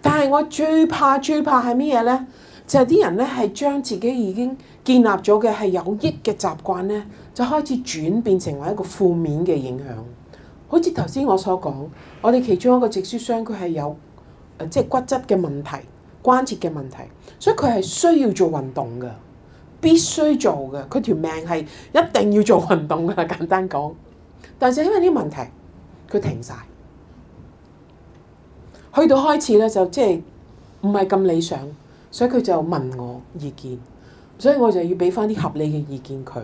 Speaker 1: 但係我最怕最怕係咩嘢呢？就係、是、啲人咧，係將自己已經建立咗嘅係有益嘅習慣咧，就開始轉變成為一個負面嘅影響。好似頭先我所講，我哋其中一個直銷商，佢係有即係、呃就是、骨質嘅問題、關節嘅問題，所以佢係需要做運動嘅，必須做嘅。佢條命係一定要做運動嘅，簡單講。但係因為呢個問題，佢停晒。去到開始咧就即係唔係咁理想。所以佢就問我意見，所以我就要畀翻啲合理嘅意見佢。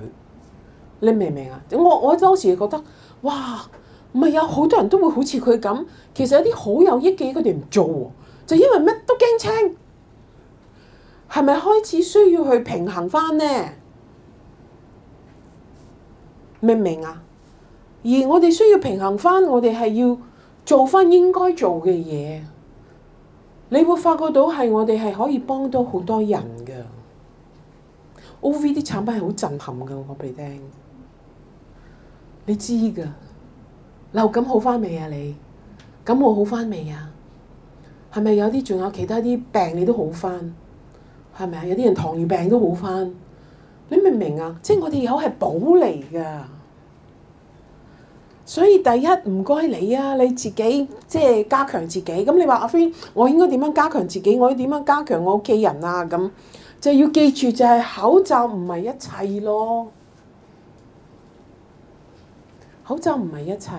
Speaker 1: 你明唔明啊？我我當時覺得，哇！唔係有好多人都會好似佢咁，其實有啲好有益嘅嘢佢哋唔做喎，就因為乜都驚青，係咪開始需要去平衡翻呢？明唔明啊？而我哋需要平衡翻，我哋係要做翻應該做嘅嘢。你會發覺到係我哋係可以幫到好多人㗎，O V 啲產品係好震撼㗎，我講畀你聽，你知㗎。流感好翻未啊？你感冒好翻未啊？係咪有啲仲有其他啲病你都好翻？係咪啊？有啲人糖尿病都好翻。你明唔明啊？即係我哋口係寶嚟㗎。所以第一唔該你啊，你自己即係加強自己。咁你話阿芬，我應該點樣加強自己？我要點樣加強我屋企人啊？咁就要記住，就係口罩唔係一切咯。口罩唔係一切，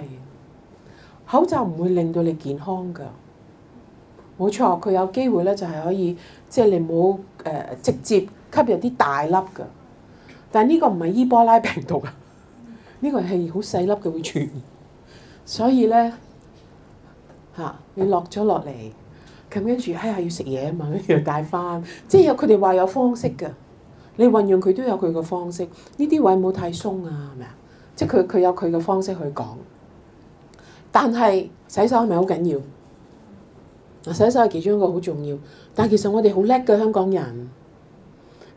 Speaker 1: 口罩唔會令到你健康㗎。冇錯，佢有機會咧，就係可以即係你冇誒、呃、直接吸入啲大粒㗎。但係呢個唔係伊波拉病毒啊！呢、這個係好細粒嘅會傳，所以咧嚇、啊、你落咗落嚟，咁跟住哎呀要食嘢啊嘛，跟住要帶翻， 即係有佢哋話有方式嘅，你運用佢都有佢嘅方式。呢啲位冇太鬆啊，係咪啊？即係佢佢有佢嘅方式去講，但係洗手係咪好緊要？洗手係其中一個好重要，但係其實我哋好叻嘅香港人。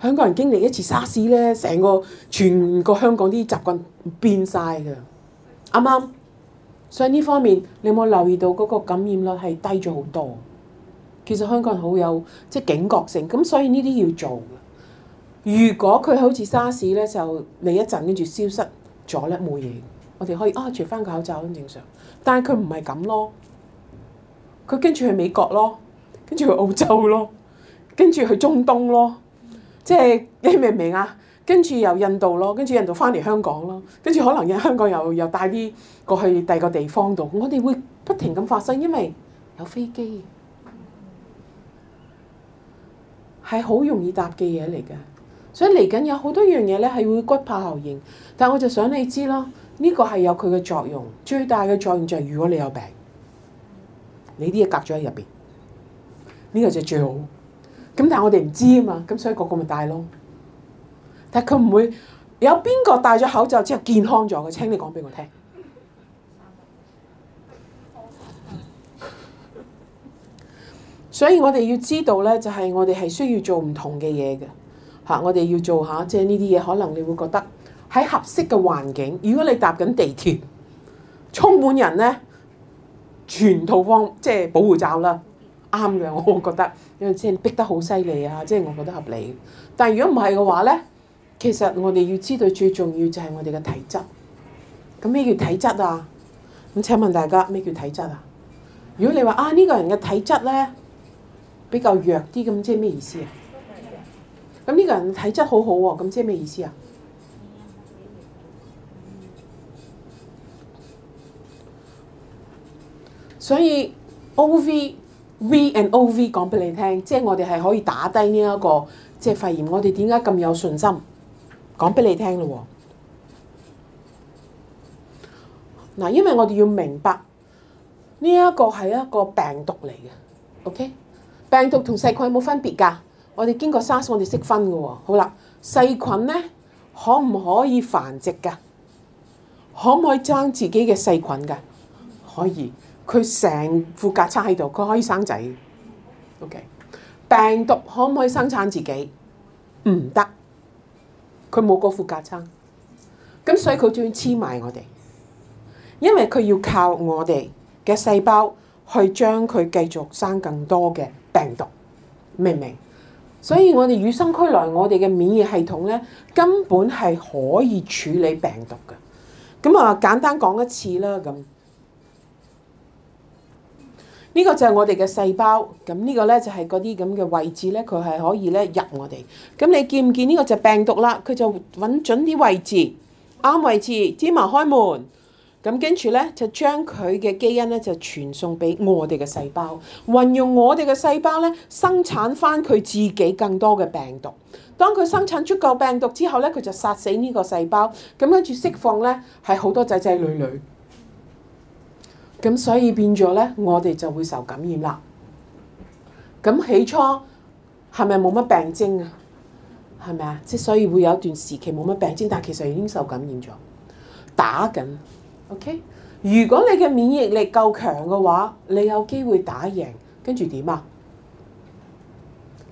Speaker 1: 香港人經歷一次沙士咧，成個全個香港啲習慣變曬㗎。啱啱，所以呢方面你有冇留意到嗰個感染率係低咗好多？其實香港人好有即係警覺性，咁所以呢啲要做嘅。如果佢好似沙士咧，就嚟一陣跟住消失咗咧，冇嘢，我哋可以啊除翻個口罩咁正常。但係佢唔係咁咯，佢跟住去美國咯，跟住去澳洲咯，跟住去中東咯。即係你明唔明啊？跟住又印度咯，跟住印度翻嚟香港咯，跟住可能喺香港又又帶啲過去第二個地方度。我哋會不停咁發生，因為有飛機係好容易搭嘅嘢嚟嘅，所以嚟緊有好多樣嘢咧係會骨牌效應。但係我就想你知咯，呢個係有佢嘅作用，最大嘅作用就係如果你有病，你啲嘢隔咗喺入邊，呢個就最好。咁但係我哋唔知啊嘛，咁所以個個咪戴咯。但係佢唔會有邊個戴咗口罩之後健康咗嘅？請你講俾我聽。所以我哋要知道咧，就係我哋係需要做唔同嘅嘢嘅。嚇，我哋要做下即係呢啲嘢，可能你會覺得喺合適嘅環境，如果你搭緊地鐵，充滿人咧，全套方即係、就是、保護罩啦。啱嘅，我會覺得，因為即係逼得好犀利啊，即係我覺得合理。但係如果唔係嘅話咧，其實我哋要知道最重要就係我哋嘅體質。咁咩叫體質啊？咁請問大家咩叫體質啊？如果你話啊呢個人嘅體質咧比較弱啲，咁即係咩意思啊？咁呢個人體質好好喎，咁即係咩意思啊？所以 O V。V and O V 講俾你聽，即係我哋係可以打低呢一個即係肺炎。我哋點解咁有信心？講俾你聽咯，嗱，因為我哋要明白呢一個係一個病毒嚟嘅，OK？病毒同細菌有冇分別㗎？我哋經過沙士，我哋識分嘅喎。好啦，細菌咧可唔可以繁殖㗎？可唔可以爭自己嘅細菌㗎？可以。佢成副架撐喺度，佢可以生仔。OK，病毒可唔可以生產自己？唔得，佢冇嗰副架撐。咁所以佢仲要黐埋我哋，因為佢要靠我哋嘅細胞去將佢繼續生更多嘅病毒，明唔明？所以我哋與生俱來，我哋嘅免疫系統咧根本係可以處理病毒嘅。咁啊，簡單講一次啦，咁。呢個就係我哋嘅細胞，咁呢個呢，就係嗰啲咁嘅位置呢，佢係可以呢入我哋。咁你見唔見呢個就病毒啦？佢就揾準啲位置，啱位置芝麻開門。咁跟住呢，就將佢嘅基因呢，就傳送俾我哋嘅細胞，運用我哋嘅細胞呢，生產翻佢自己更多嘅病毒。當佢生產足夠病毒之後呢，佢就殺死呢個細胞。咁跟住釋放呢，係好多仔仔女女。咁所以變咗咧，我哋就會受感染啦。咁起初係咪冇乜病徵啊？係咪啊？即所以會有一段時期冇乜病徵，但係其實已經受感染咗，打緊。OK，如果你嘅免疫力夠強嘅話，你有機會打贏，跟住點啊？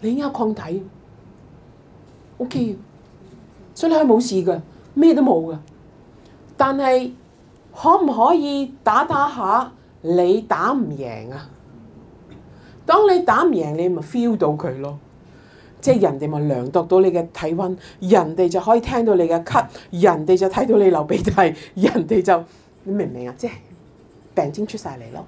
Speaker 1: 你有抗體。OK，所以你係冇事噶，咩都冇噶，但係。可唔可以打打下？你打唔贏啊？當你打唔贏，你咪 feel 到佢咯。即係人哋咪量度到你嘅體溫，人哋就可以聽到你嘅咳，人哋就睇到你流鼻涕，人哋就，你明唔明啊？即係病徵出晒嚟咯。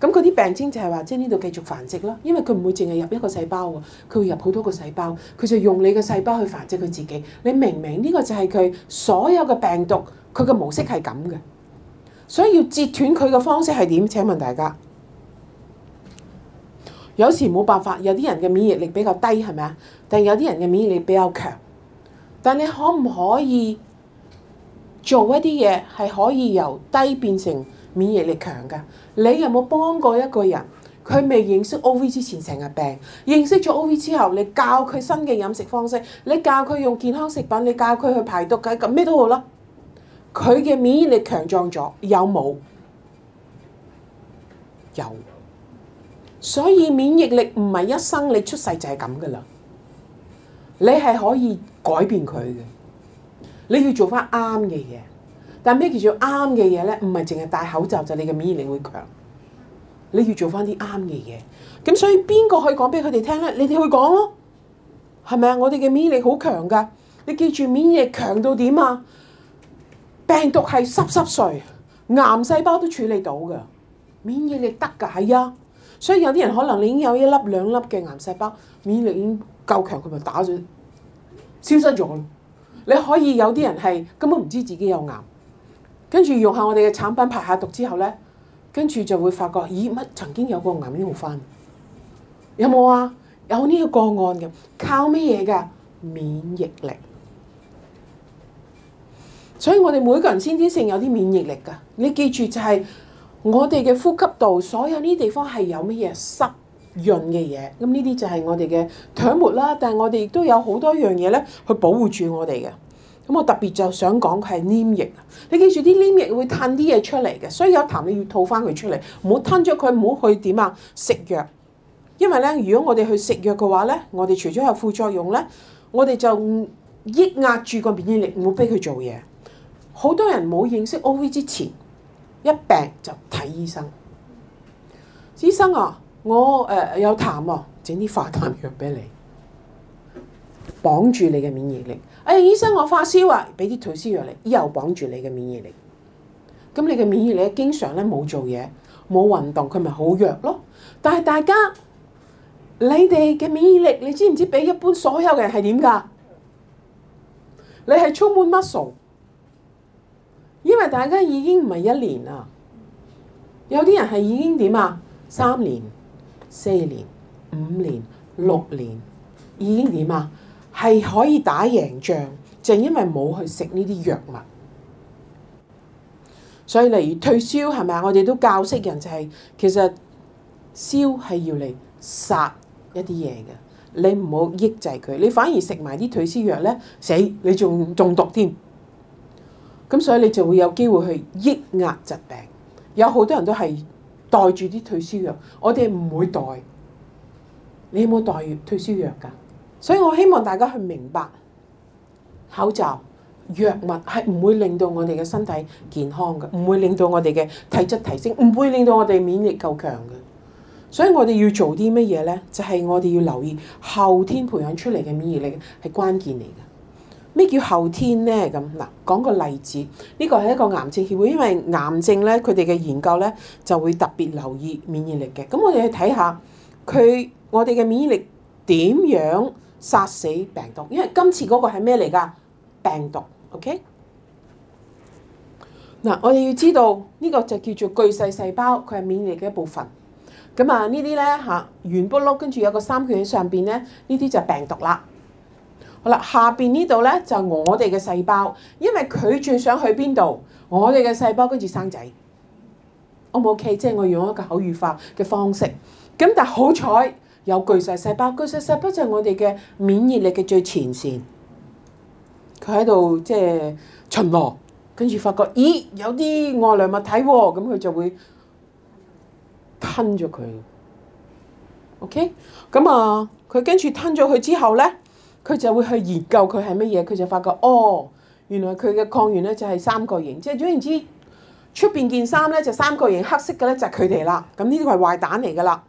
Speaker 1: 咁嗰啲病徵就係話，即係呢度繼續繁殖咯。因為佢唔會淨係入一個細胞喎，佢會入好多個細胞，佢就用你嘅細胞去繁殖佢自己。你明唔明？呢個就係佢所有嘅病毒，佢嘅模式係咁嘅。所以要截斷佢嘅方式係點？請問大家，有時冇辦法？有啲人嘅免疫力比較低，係咪啊？但有啲人嘅免疫力比較強。但你可唔可以做一啲嘢係可以由低變成免疫力強嘅？你有冇幫過一個人？佢未認識 OV 之前成日病，認識咗 OV 之後，你教佢新嘅飲食方式，你教佢用健康食品，你教佢去排毒，咁咩都好啦。佢嘅免疫力強壯咗，有冇？有，所以免疫力唔係一生，你生，你出世就係咁噶啦。你係可以改變佢嘅，你要做翻啱嘅嘢。但係咩叫做啱嘅嘢咧？唔係淨係戴口罩就你嘅免疫力會強。你要做翻啲啱嘅嘢。咁所以邊個可以講俾佢哋聽咧？你哋去講咯。係咪啊？我哋嘅免疫力好強噶。你記住，免疫力強到點啊？病毒係濕濕碎，癌細胞都處理到㗎，免疫力得㗎，係啊。所以有啲人可能你已經有一粒兩粒嘅癌細胞，免疫力已經夠強，佢咪打咗消失咗咯。你可以有啲人係根本唔知自己有癌，跟住用下我哋嘅產品排下毒之後咧，跟住就會發覺，咦，乜曾經有個癌醫好返？有冇啊？有呢個個案嘅，靠咩嘢㗎？免疫力。所以我哋每個人先天性有啲免疫力㗎。你記住就係我哋嘅呼吸道，所有呢地方係有咩嘢濕潤嘅嘢。咁呢啲就係我哋嘅唾沫啦。但係我哋亦都有好多樣嘢咧，去保護住我哋嘅。咁我特別就想講佢係黏液。你記住啲黏液會吞啲嘢出嚟嘅，所以有痰你要吐翻佢出嚟，唔好吞咗佢，唔好去點啊食藥。因為咧，如果我哋去食藥嘅話咧，我哋除咗有副作用咧，我哋就抑壓住個免疫力，唔好俾佢做嘢。好多人冇認識 O V 之前，一病就睇醫生。醫生啊，我、呃、有痰喎、啊，整啲化痰藥俾你，綁住你嘅免疫力。哎，醫生，我發燒啊，俾啲退燒藥你，又綁住你嘅免疫力。咁你嘅免疫力經常咧冇做嘢，冇運動，佢咪好弱咯。但係大家，你哋嘅免疫力，你知唔知俾一般所有嘅人係點㗎？你係充滿 muscle。因為大家已經唔係一年啦，有啲人係已經點啊？三年、四年、五年、六年，已經點啊？係可以打贏仗，淨係因為冇去食呢啲藥物。所以例如退燒係咪啊？是是我哋都教識人就係、是、其實燒係要嚟殺一啲嘢嘅，你唔好抑制佢，你反而食埋啲退燒藥咧，死你仲中毒添。咁所以你就會有機會去抑壓疾病，有好多人都係袋住啲退燒藥，我哋唔會袋。你有冇袋退燒藥噶？所以我希望大家去明白，口罩藥物係唔會令到我哋嘅身體健康嘅，唔會令到我哋嘅體質提升，唔會令到我哋免疫力夠強嘅。所以我哋要做啲乜嘢呢？就係我哋要留意後天培養出嚟嘅免疫力係關鍵嚟㗎。咩叫後天呢？咁嗱，講個例子，呢個係一個癌症協會，因為癌症咧，佢哋嘅研究咧就會特別留意免疫力嘅。咁我哋去睇下佢，我哋嘅免疫力點樣殺死病毒，因為今次嗰個係咩嚟㗎？病毒，OK？嗱，我哋要知道呢個就叫做巨細細胞，佢係免疫力嘅一部分。咁啊，呢啲咧嚇圓不碌，跟住有個三角喺上邊咧，呢啲就係病毒啦。嗱，下邊呢度咧就係，我哋嘅細胞，因為佢最想去邊度，我哋嘅細胞跟住生仔，O 唔 O K？即係我用一個口語化嘅方式。咁但係好彩有巨細細胞，巨細細胞就係我哋嘅免疫力嘅最前線，佢喺度即係巡邏，跟住發覺咦有啲外來物體喎，哦，咁佢就會吞咗佢。O K？咁啊，佢跟住吞咗佢之後咧？佢就會去研究佢係乜嘢，佢就發覺哦，原來佢嘅抗原咧就係三角形，即係總言之，出邊件衫咧就三角形，黑色嘅咧就係佢哋啦。咁呢啲係壞蛋嚟㗎啦。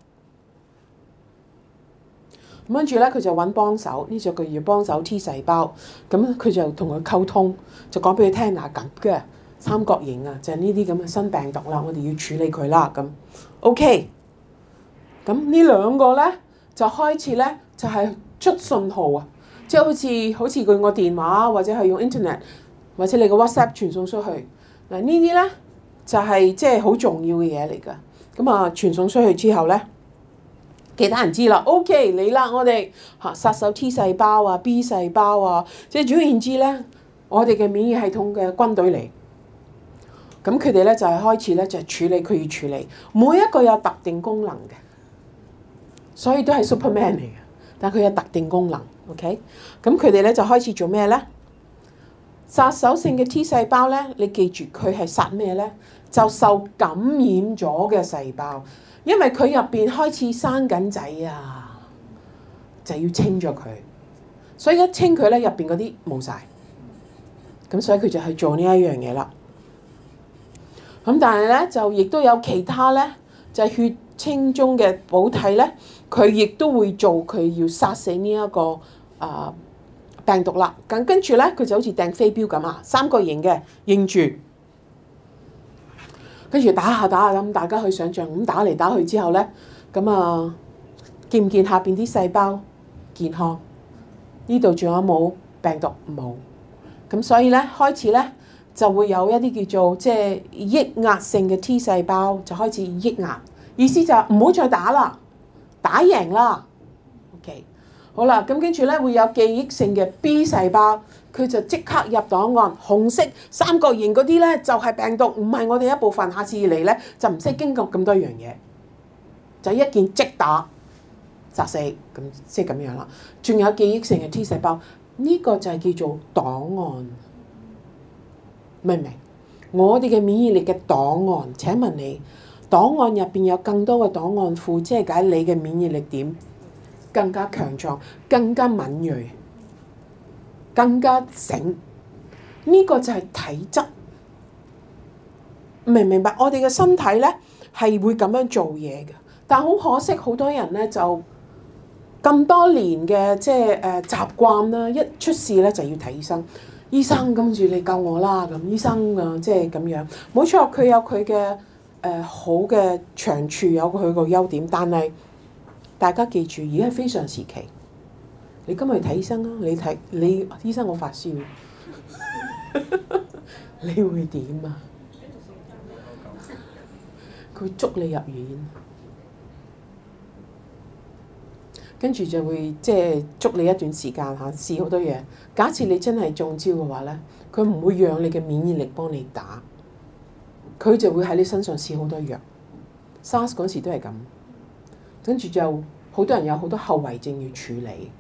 Speaker 1: 咁跟住咧，佢就揾幫手，呢隻佢要幫手 T 細胞。咁佢就同佢溝通，就講俾佢聽嗱，咁嘅三角形啊，就係呢啲咁嘅新病毒啦，我哋要處理佢啦。咁 OK。咁呢兩個咧就開始咧就係出信號啊！即係好似好似佢個電話，或者係用 Internet，或者你個 WhatsApp 傳送出去，嗱呢啲咧就係即係好重要嘅嘢嚟㗎。咁啊傳送出去之後咧，其他人知啦。OK，你啦，我哋嚇、啊、殺手 T 細胞啊、B 細胞啊，即係總言之咧，我哋嘅免疫系統嘅軍隊嚟。咁佢哋咧就係、係、開始咧就係、處理佢要處理，每一個有特定功能嘅，所以都係 Superman 嚟嘅，但佢有特定功能。OK，咁佢哋咧就開始做咩咧？殺手性嘅 T 細胞咧，你記住佢係殺咩咧？就受感染咗嘅細胞，因為佢入邊開始生緊仔啊，就要清咗佢。所以一清佢咧，入邊嗰啲冇晒，咁所以佢就去做呢一樣嘢啦。咁但係咧，就亦都有其他咧，就係、是、血清中嘅補體咧，佢亦都會做佢要殺死呢、這、一個。啊，病毒啦，咁跟住呢，佢就好似掟飛鏢咁啊，三角形嘅，認住，跟住打下打下咁，大家去想象，咁打嚟打去之後呢，咁、嗯、啊，見唔見下邊啲細胞健康？呢度仲有冇病毒？冇，咁所以呢，開始呢，就會有一啲叫做即係、就是、抑壓性嘅 T 細胞就開始抑壓，意思就唔好再打啦，打贏啦。好啦，咁跟住咧會有記憶性嘅 B 細胞，佢就即刻入檔案。紅色三角形嗰啲咧就係、是、病毒，唔係我哋一部分。下次嚟咧就唔需要經過咁多樣嘢，就一見即打殺死，咁即係咁樣啦。仲有記憶性嘅 T 細胞，呢、這個就係叫做檔案，明唔明？我哋嘅免疫力嘅檔案。請問你檔案入邊有更多嘅檔案庫，即係解你嘅免疫力點？更加強壯，更加敏鋭，更加醒，呢個就係體質。明唔明白？我哋嘅身體咧係會咁樣做嘢嘅，但係好可惜，好多人咧就咁多年嘅即係誒習慣啦，一出事咧就要睇醫生。醫生，跟住你救我啦咁，醫生啊即係咁樣。冇錯，佢有佢嘅誒好嘅長處，有佢個優點，但係，大家記住，而家係非常時期，你今日去睇醫生啦，你睇你醫生，我發燒， 你會點啊？佢捉你入院，跟住就會即係捉你一段時間嚇，試好多嘢。假設你真係中招嘅話呢，佢唔會讓你嘅免疫力幫你打，佢就會喺你身上試好多藥。SARS 嗰時都係咁。跟住就好多人有好多後遺症要處理。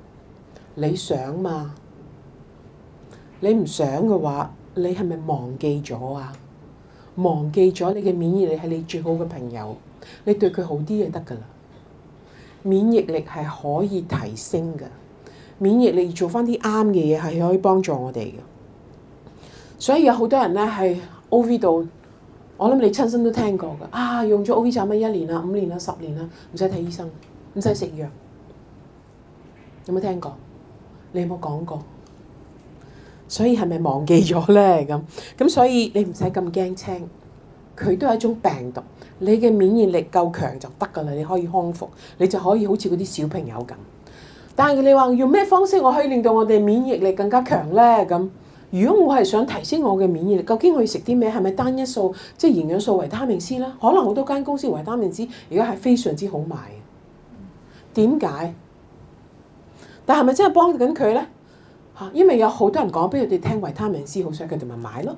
Speaker 1: 你想嘛？你唔想嘅話，你係咪忘記咗啊？忘記咗你嘅免疫力係你最好嘅朋友，你對佢好啲就得㗎喇。免疫力係可以提升嘅，免疫力做返啲啱嘅嘢係可以幫助我哋嘅。所以有好多人呢，係 OV 到我諗你親身都聽過㗎，啊用咗 O V 針乜一年啦、五年啦、十年啦，唔使睇醫生，唔使食藥，有冇聽過？你有冇講過？所以係咪忘記咗咧？咁咁所以你唔使咁驚青，佢都係一種病毒，你嘅免疫力夠強就得㗎啦，你可以康復，你就可以好似嗰啲小朋友咁。但係你話用咩方式我可以令到我哋免疫力更加強咧？咁？如果我係想提升我嘅免疫力，究竟我要食啲咩？係咪單一素，即係營養素維他命 C 咧？可能好多間公司維他命 C 而家係非常之好賣嘅。點解？但係咪真係幫緊佢咧？嚇！因為有好多人講，俾佢哋聽維他命 C 好，想佢哋咪買咯。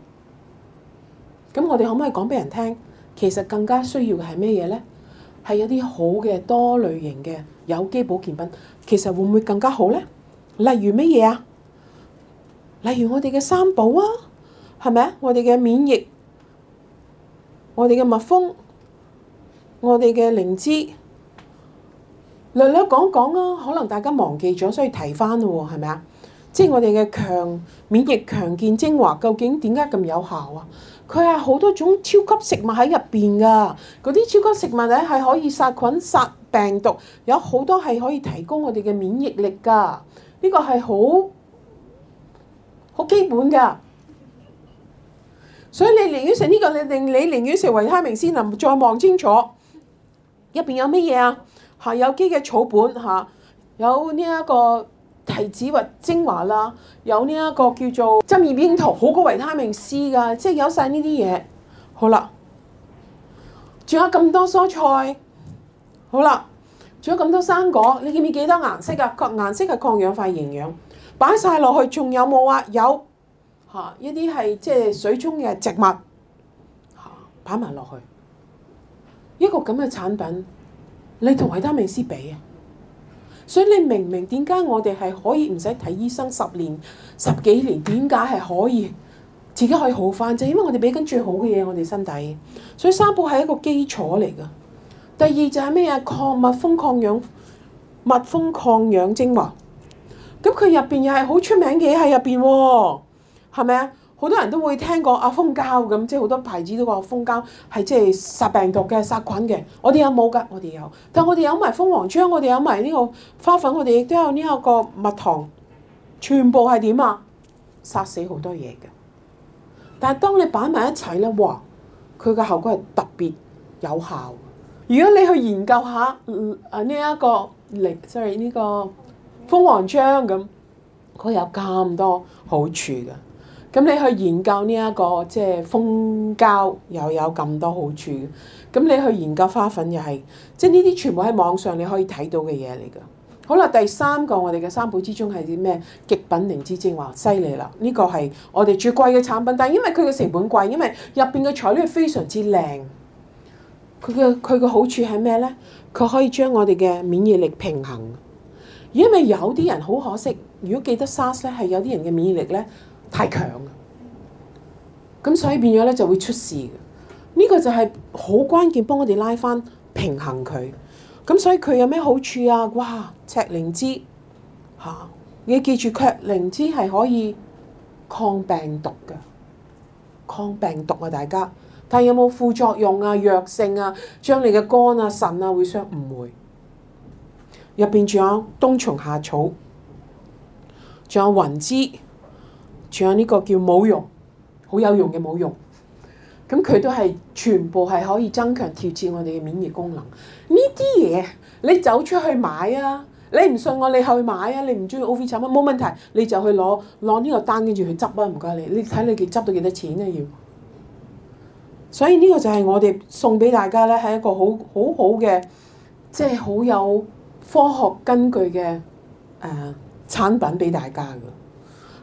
Speaker 1: 咁我哋可唔可以講俾人聽？其實更加需要嘅係咩嘢咧？係有啲好嘅多類型嘅有機保健品，其實會唔會更加好咧？例如乜嘢啊？例如我哋嘅三寶啊，係咪啊？我哋嘅免疫，我哋嘅蜜蜂，我哋嘅靈芝，略略講講啊。可能大家忘記咗，所以提翻咯喎，係咪啊？即係我哋嘅強免疫強健精華，究竟點解咁有效啊？佢係好多種超級食物喺入邊噶，嗰啲超級食物咧係可以殺菌、殺病毒，有好多係可以提高我哋嘅免疫力噶。呢個係好。好基本噶，所以你寧願食呢個，你你寧願食維他命 C，能再望清楚入邊有乜嘢啊？係有機嘅草本吓，有呢一個提子或精華啦，有呢一個叫做針葉櫻桃，好過維他命 C 噶，即係有晒呢啲嘢。好啦，仲有咁多蔬菜，好啦，仲有咁多生果，你見唔見幾多顏色啊？各顏色係抗氧化營養。擺晒落去，仲有冇啊？有嚇，一啲係即係水中嘅植物嚇，擺埋落去一個咁嘅產品，你同維他命 C 比啊！所以你明唔明點解我哋係可以唔使睇醫生十年、十幾年？點解係可以自己可以好翻？就因為我哋俾緊最好嘅嘢我哋身體，所以三寶係一個基礎嚟噶。第二就係咩啊？抗蜜蜂抗氧、蜜蜂抗氧精華。咁佢入邊又係好出名嘅喺入邊喎、哦，係咪啊？好多人都會聽過阿蜂膠咁，即係好多牌子都話蜂膠係即係殺病毒嘅、殺菌嘅。我哋有冇㗎，我哋有，但我哋有埋蜂王漿，我哋有埋呢個花粉，我哋亦都有呢一個蜜糖，全部係點啊？殺死好多嘢嘅。但係當你擺埋一齊咧，哇！佢嘅效果係特別有效。如果你去研究下，啊呢一個嚟，即係呢個。這個這個這個蜂王漿咁，佢有咁多好處㗎。咁你去研究呢一個即係蜂膠，又有咁多好處。咁你去研究花粉又係，即係呢啲全部喺網上你可以睇到嘅嘢嚟噶。好啦，第三個我哋嘅三寶之中係啲咩？極品靈芝精華，犀利啦！呢個係我哋最貴嘅產品，但係因為佢嘅成本貴，因為入邊嘅材料非常之靚。佢嘅佢嘅好處係咩咧？佢可以將我哋嘅免疫力平衡。因為有啲人好可惜，如果記得沙 a 咧，係有啲人嘅免疫力咧太強，咁所以變咗咧就會出事。呢、這個就係好關鍵，幫我哋拉翻平衡佢。咁所以佢有咩好處啊？哇！赤靈芝嚇，你要記住，赤靈芝係可以抗病毒嘅，抗病毒啊大家。但係有冇副作用啊？藥性啊？將你嘅肝啊、腎啊會傷唔會？入邊仲有冬蟲夏草，仲有雲芝，仲有呢個叫冇用，好有用嘅冇用。咁佢都係全部係可以增強、調節我哋嘅免疫功能。呢啲嘢你走出去買啊！你唔信我，你去買啊！你唔中意 OVC 啊？冇問題，你就去攞攞呢個單，跟住去執啊！唔該你，你睇你哋執到幾多錢啊？要。所以呢個就係我哋送俾大家咧，係一個好好好好好嘅，即係好有。科學根據嘅誒、呃、產品俾大家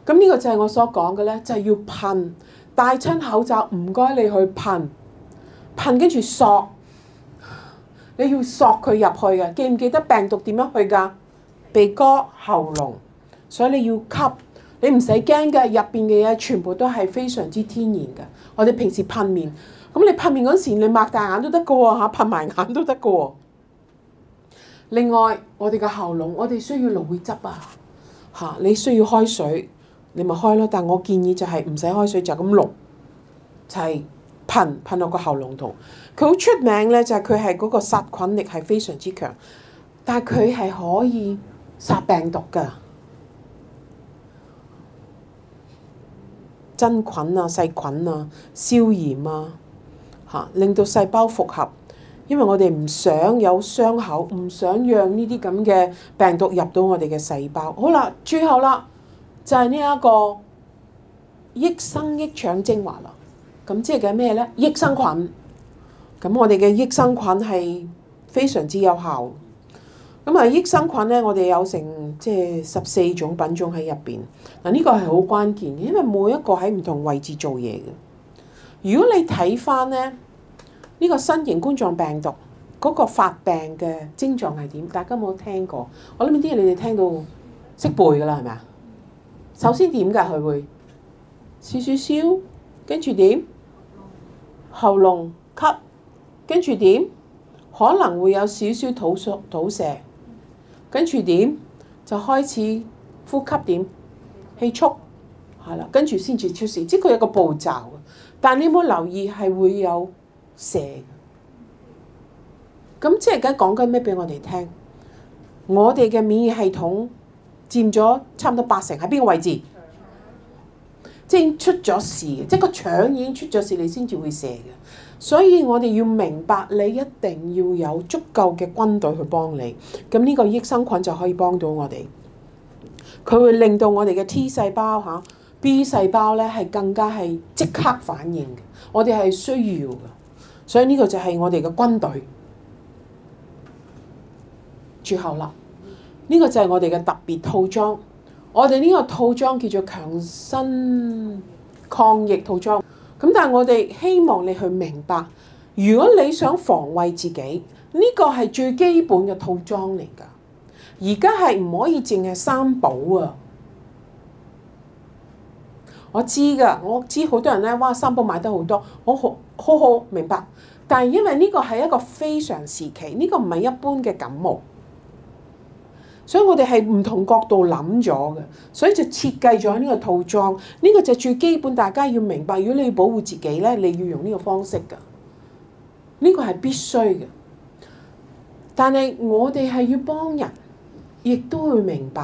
Speaker 1: 噶，咁呢個就係我所講嘅咧，就係、是、要噴戴親口罩唔該你去噴噴跟住索，你要索佢入去嘅，記唔記得病毒點樣去㗎？鼻哥喉嚨，所以你要吸，你唔使驚嘅，入邊嘅嘢全部都係非常之天然嘅。我哋平時噴面，咁你噴面嗰時你擘大眼都得個喎嚇，噴埋眼都得個喎。另外，我哋嘅喉嚨，我哋需要蘆薈汁啊！嚇，你需要開水，你咪開咯。但我建議就係唔使開水，就咁蘆，就係噴噴落個喉嚨度。佢好出名咧，就係佢係嗰個殺菌力係非常之強，但係佢係可以殺病毒㗎，真菌啊、細菌啊、消炎啊，嚇令到細胞復合。因為我哋唔想有傷口，唔想讓呢啲咁嘅病毒入到我哋嘅細胞。好啦，最後啦，就係呢一個益生益腸精華啦。咁即係嘅咩咧？益生菌。咁我哋嘅益生菌係非常之有效。咁啊，益生菌咧，我哋有成即係十四種品種喺入邊。嗱呢個係好關鍵，因為每一個喺唔同位置做嘢嘅。如果你睇翻咧。呢個新型冠狀病毒嗰個發病嘅症狀係點？大家冇聽過？我諗啲嘢你哋聽到識背噶啦，係咪啊？首先點㗎？佢會少少燒，跟住點喉嚨咳，跟住點可能會有少少肚屙肚瀉，跟住點就開始呼吸點氣促，係啦，跟住先至出事。即係佢有個步驟但你有冇留意係會有？射，咁即係而家講緊咩？俾我哋聽，我哋嘅免疫系統佔咗差唔多八成喺邊個位置？啊、即係出咗事，即係個腸已經出咗事，你先至會射嘅。所以我哋要明白，你一定要有足夠嘅軍隊去幫你。咁呢個益生菌就可以幫到我哋，佢會令到我哋嘅 T 細胞吓、B 細胞咧係更加係即刻反應嘅。我哋係需要嘅。所以呢個就係我哋嘅軍隊駐守啦。呢個就係我哋嘅特別套裝。我哋呢個套裝叫做強身抗疫套裝。咁但係我哋希望你去明白，如果你想防衞自己，呢個係最基本嘅套裝嚟㗎。而家係唔可以淨係三寶啊！我知噶，我知好多人咧。哇，三寶買得好多，我好好好明白。但係因為呢個係一個非常時期，呢個唔係一般嘅感冒，所以我哋係唔同角度諗咗嘅，所以就設計咗呢個套裝。呢個就最基本，大家要明白。如果你保護自己咧，你要用呢個方式噶，呢個係必須嘅。但係我哋係要幫人，亦都會明白。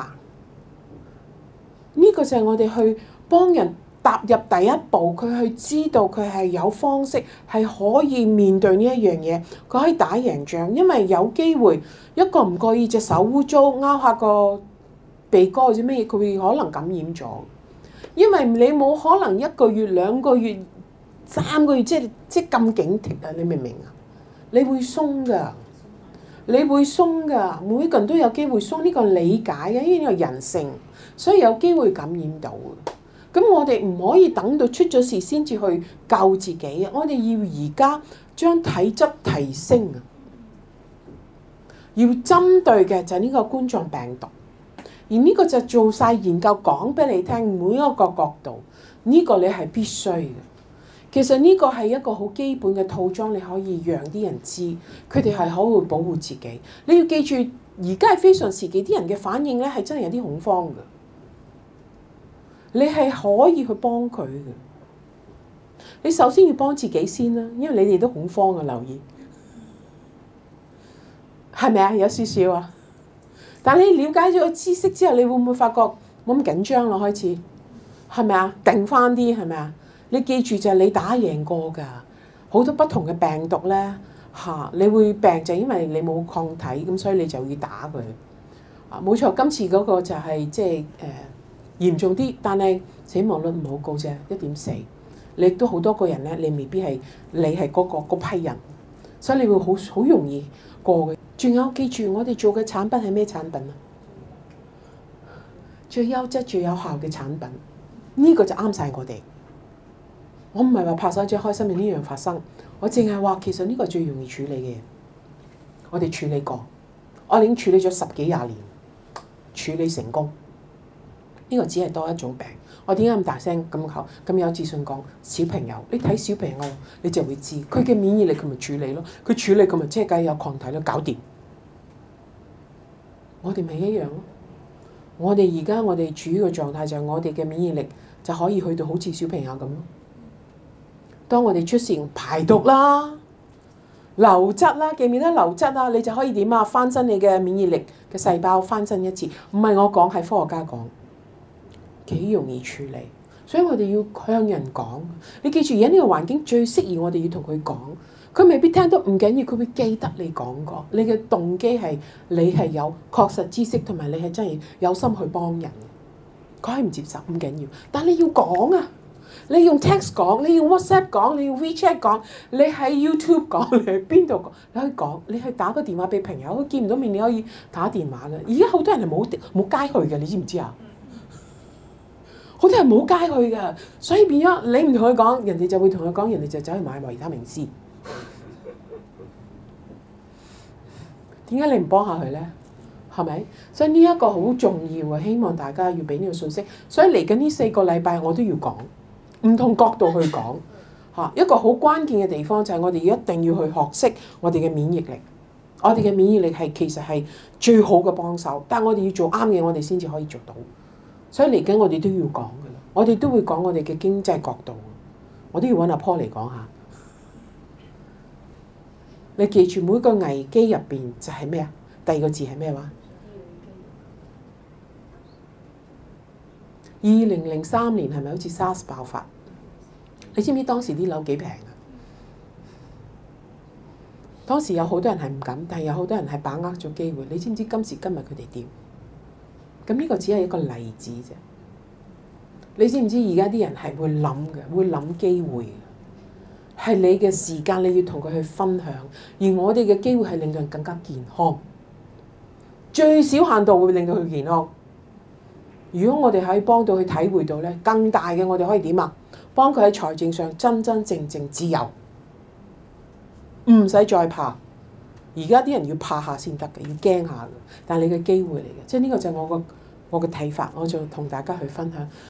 Speaker 1: 呢個就係我哋去。幫人踏入第一步，佢去知道佢係有方式係可以面對呢一樣嘢，佢可以打贏仗，因為有機會一個唔覺意隻手污糟，勾下個鼻哥或者咩，佢會可能感染咗。因為你冇可能一個月、兩個月、三個月即係即係咁警惕啊！你明唔明啊？你會鬆㗎，你會鬆㗎，每個人都有機會鬆，呢個理解嘅，因為呢個人性，所以有機會感染到。咁我哋唔可以等到出咗事先至去救自己啊！我哋要而家將體質提升啊！要針對嘅就係呢個冠狀病毒，而呢個就做曬研究講俾你聽，每一個角度，呢個你係必須嘅。其實呢個係一個好基本嘅套裝，你可以讓啲人知，佢哋係好會保護自己。你要記住，而家係非常時期，啲人嘅反應咧係真係有啲恐慌嘅。你係可以去幫佢嘅，你首先要幫自己先啦，因為你哋都恐慌嘅。留意係咪啊？有少少啊，但你了解咗知識之後，你會唔會發覺冇咁緊張咯？開始係咪啊？定翻啲係咪啊？你記住就係你打贏過㗎，好多不同嘅病毒咧嚇，你會病就因為你冇抗體，咁所以你就要打佢啊！冇錯，今次嗰個就係即係誒。就是呃嚴重啲，但係死亡率唔好高啫，一點四。你都好多個人咧，你未必係你係嗰個嗰批人，所以你會好好容易過嘅。仲有記住，我哋做嘅產品係咩產品啊？最優質、最有效嘅產品，呢個就啱晒我哋。我唔係話拍手掌開心嘅呢樣發生，我淨係話其實呢個最容易處理嘅，我哋處理過，我已經處理咗十幾廿年，處理成功。呢、這個只係多一種病。我點解咁大聲咁口咁有自信講小朋友？你睇小朋友，你就會知佢嘅免疫力佢咪處理咯。佢處理咁咪即係佢有抗體咯，搞掂。我哋咪一樣咯。我哋而家我哋處於嘅狀態就係我哋嘅免疫力就可以去到好似小朋友咁咯。當我哋出現排毒啦、流質啦，記唔記得流質啊？你就可以點啊？翻身你嘅免疫力嘅細胞翻身一次，唔係我講係科學家講。幾容易處理，所以我哋要向人講。你記住，而家呢個環境最適宜我們，我哋要同佢講。佢未必聽到唔緊要，佢會記得你講過。你嘅動機係你係有確實知識，同埋你係真係有心去幫人。佢係唔接受唔緊要，但你要講啊！你用 text 講，你用 WhatsApp 講，你用 WeChat 講，你喺 YouTube 講，你喺邊度講？你可以講，你去打個電話俾朋友。佢見唔到面，你可以打電話啦。而家好多人係冇冇街去嘅，你知唔知啊？我哋係冇街去嘅， 所以變咗你唔同佢講，人哋就會同佢講，人哋就走去買維他命 C。點解你唔幫下佢呢？係咪？所以呢一個好重要呀，希望大家要俾呢個信息。所以嚟緊呢四個禮拜，我都要講，唔同角度去講。吓，一個好關鍵嘅地方就係我哋要一定要去學識我哋嘅免疫力。我哋嘅免疫力係其實係最好嘅幫手，但係我哋要做啱嘅，我哋先至可以做到。所以嚟緊我哋都要講㗎喇，我哋都會講我哋嘅經濟角度，我都要揾阿 Paul 嚟講下。你記住每個危機入邊就係咩啊？第二個字係咩話？二零零三年係咪好似 SARS 爆發？你知唔知當時啲樓幾平啊？當時有好多人係唔敢，但係有好多人係把握咗機會。你知唔知今時今日佢哋點？咁呢個只係一個例子啫。你知唔知而家啲人係會諗嘅，會諗機會嘅。係你嘅時間，你要同佢去分享。而我哋嘅機會係令到人更加健康，最少限度會令到佢健康。如果我哋可以幫到佢體會到呢，更大嘅我哋可以點啊？幫佢喺財政上真真正正自由，唔使再怕。而家啲人要怕下先得嘅，要驚下嘅。但係你嘅機會嚟嘅，即係呢個就係我個我嘅睇法，我就同大家去分享。